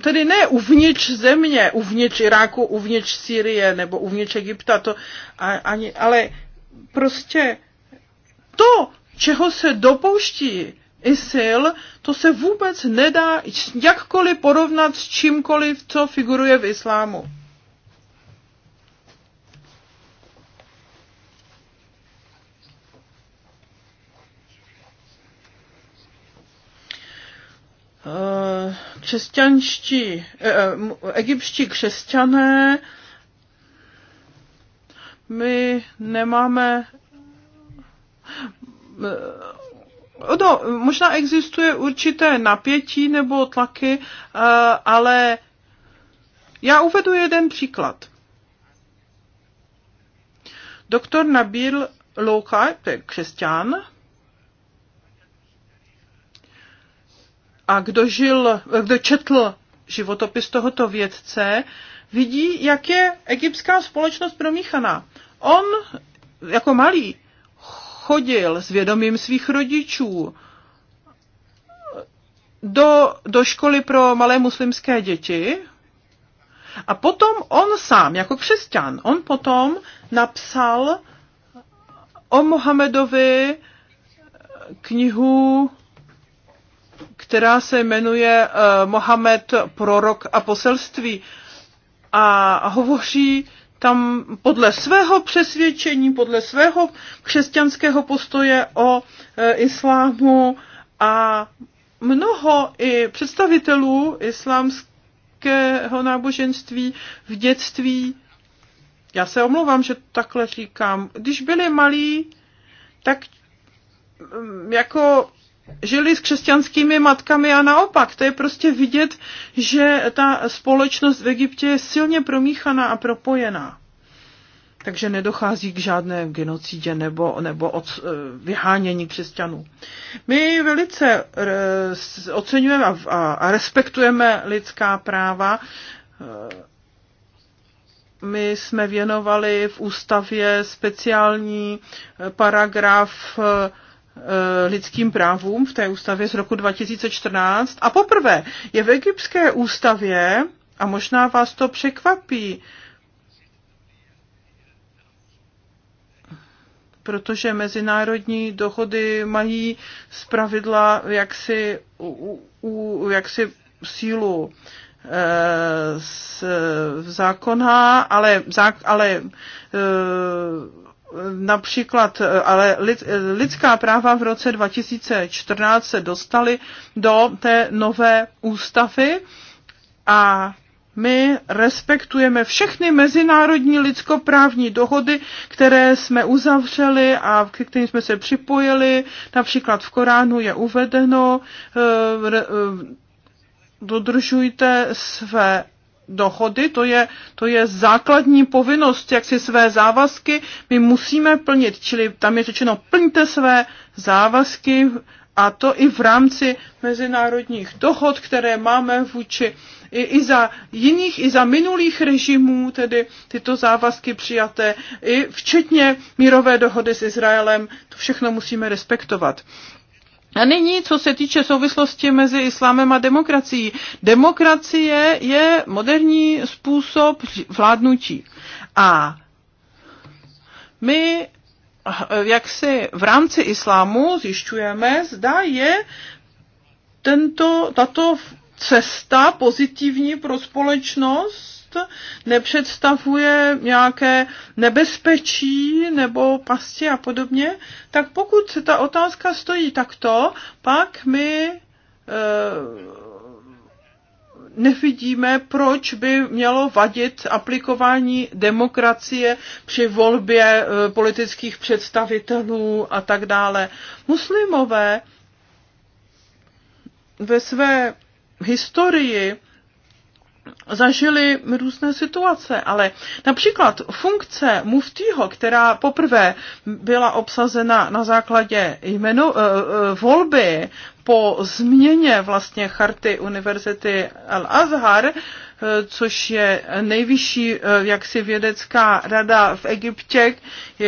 tedy ne uvnitř země, uvnitř Iráku, uvnitř Sýrie nebo uvnitř Egypta, to ani, ale prostě to, čeho se dopouští ISIL, to se vůbec nedá jakkoliv porovnat s čímkoliv, co figuruje v islámu. Eh, křesťanští, eh, eh, egyptští křesťané, my nemáme No, možná existuje určité napětí nebo tlaky, ale já uvedu jeden příklad. Doktor Nabil Louka, to je křesťan, A kdo, žil, kdo četl životopis tohoto vědce, vidí, jak je egyptská společnost promíchaná. On jako malý chodil s vědomím svých rodičů do, do školy pro malé muslimské děti a potom on sám, jako křesťan, on potom napsal o Mohamedovi knihu která se jmenuje eh, Mohamed prorok a poselství a hovoří tam podle svého přesvědčení, podle svého křesťanského postoje o eh, islámu a mnoho i představitelů islámského náboženství v dětství, já se omlouvám, že takhle říkám, když byli malí, tak mm, jako žili s křesťanskými matkami a naopak. To je prostě vidět, že ta společnost v Egyptě je silně promíchaná a propojená. Takže nedochází k žádné genocídě nebo, nebo od, eh, vyhánění křesťanů. My velice eh, oceňujeme a, a, a respektujeme lidská práva. Eh, my jsme věnovali v ústavě speciální paragraf Eh, lidským právům v té ústavě z roku 2014. A poprvé je v egyptské ústavě, a možná vás to překvapí, protože mezinárodní dohody mají z pravidla jaksi, u, u, jaksi sílu z, eh, zákona, ale, zák, ale eh, například, eh, ale eh, lidská práva v roce 2014 se dostaly do té nové ústavy a my respektujeme všechny mezinárodní lidskoprávní dohody, které jsme uzavřeli a k kterým jsme se připojili. Například v Koránu je uvedeno, eh, dodržujte své dohody, to je, to je základní povinnost, jak si své závazky my musíme plnit. Čili tam je řečeno, plňte své závazky a to i v rámci mezinárodních dohod, které máme vůči i, i za jiných, i za minulých režimů, tedy tyto závazky přijaté, i včetně mírové dohody s Izraelem, to všechno musíme respektovat. A nyní, co se týče souvislosti mezi islámem a demokracií. Demokracie je moderní způsob vládnutí. A my jak si v rámci islámu zjišťujeme, zda je tento, tato cesta pozitivní pro společnost nepředstavuje nějaké nebezpečí nebo pasti a podobně, tak pokud se ta otázka stojí takto, pak my e, nevidíme, proč by mělo vadit aplikování demokracie při volbě eh, politických představitelů a tak dále. Muslimové ve své historii zažili různé situace, ale například funkce muftího, která poprvé byla obsazena na základě jmenu, eh, eh, volby po změně vlastně charty Univerzity Al-Azhar, eh, což je nejvyšší jaksi vědecká rada v Egyptě,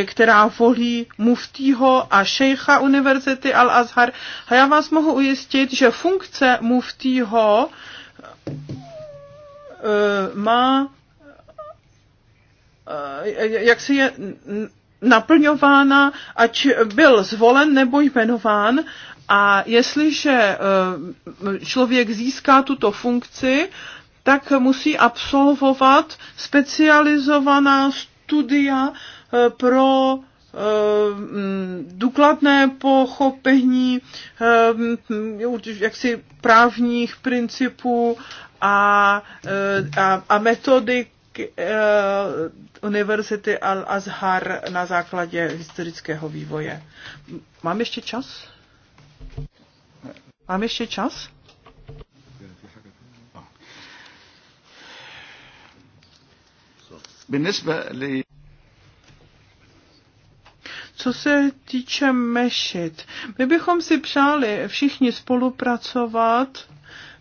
která volí muftího a šejcha Univerzity Al-Azhar. A já vás mohu ujistit, že funkce muftího Eh, má eh, jak si je naplňována, ať byl zvolen nebo jmenován. A jestliže eh, člověk získá tuto funkci, tak musí absolvovat specializovaná studia pro Eh, důkladné pochopení eh, jaksi právních principů a, eh, a, a metodik Univerzity Al-Azhar na základě historického vývoje. Mám ještě čas? Mám ještě čas? بالنسبة co se týče mešit, my bychom si přáli všichni spolupracovat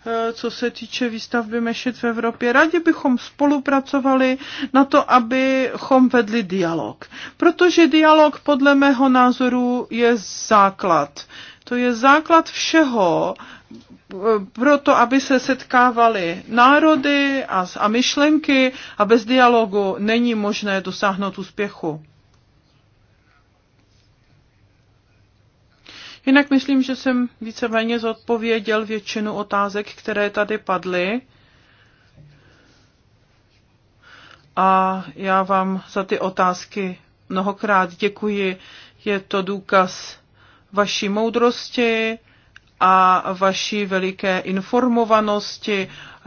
eh, co se týče výstavby mešit v Evropě. Rádi bychom spolupracovali na to, abychom vedli dialog. Protože dialog podle mého názoru je základ. To je základ všeho, eh, proto, aby se setkávaly národy a, a myšlenky a bez dialogu není možné dosáhnout úspěchu. Jinak myslím, že jsem víceméně zodpověděl většinu otázek, které tady padly. A já vám za ty otázky mnohokrát děkuji. Je to důkaz vaší moudrosti a vaší veliké informovanosti eh,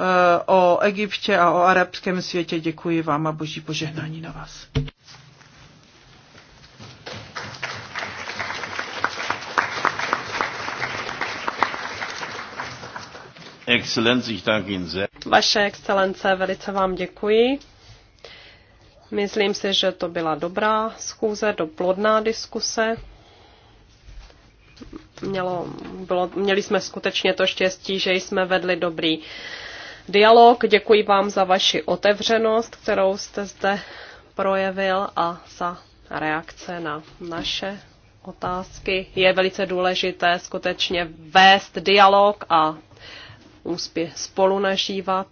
o Egyptě a o arabském světě. Děkuji vám a boží požehnání na vás. Vaše excelence, velice vám děkuji. Myslím si, že to byla dobrá schůze, doplodná diskuse. Mělo, bylo, měli jsme skutečně to štěstí, že jsme vedli dobrý dialog. Děkuji vám za vaši otevřenost, kterou jste zde projevil a za reakce na naše otázky. Je velice důležité skutečně vést dialog a úspěch spolunažívat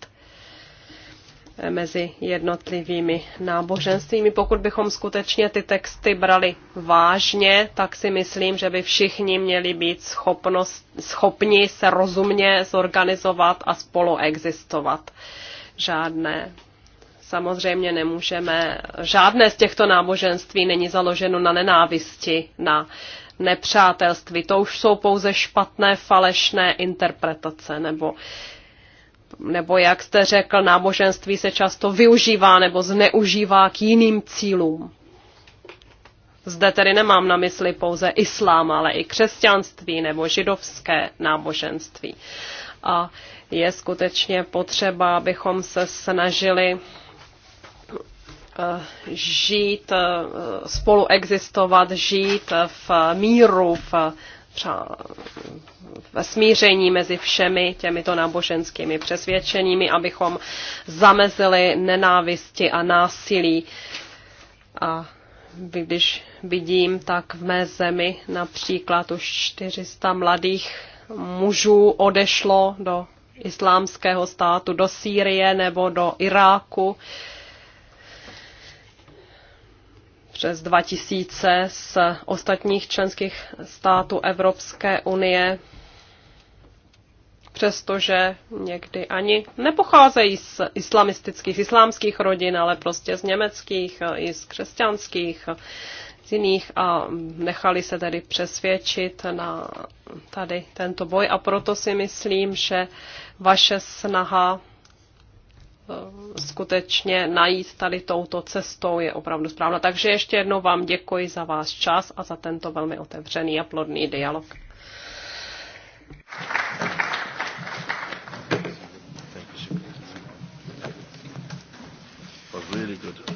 eh, mezi jednotlivými náboženstvími. Pokud bychom skutečně ty texty brali vážně, tak si myslím, že by všichni měli být schopnost, schopni se rozumně zorganizovat a spoluexistovat. Žádné. Samozřejmě nemůžeme, žádné z těchto náboženství není založeno na nenávisti, na nepřátelství. To už jsou pouze špatné, falešné interpretace nebo nebo jak jste řekl, náboženství se často využívá nebo zneužívá k jiným cílům. Zde tedy nemám na mysli pouze islám, ale i křesťanství nebo židovské náboženství. A je skutečně potřeba, abychom se snažili Eh, žít, eh, spolu existovat, žít v míru, v třeba ve smíření mezi všemi těmito náboženskými přesvědčeními, abychom zamezili nenávisti a násilí. A když vidím, tak v mé zemi například už 400 mladých mužů odešlo do islámského státu, do Sýrie nebo do Iráku. Uh, přes 2000 z ostatních členských států Evropské unie, přestože někdy ani nepocházejí z islamistických, z islámských rodin, ale prostě z německých, i z křesťanských, z jiných a nechali se tedy přesvědčit na tady tento boj a proto si myslím, že vaše snaha Eh, skutečně najít tady touto cestou je opravdu správná. Takže ještě jednou vám děkuji za váš čas a za tento velmi otevřený a plodný dialog. Really good.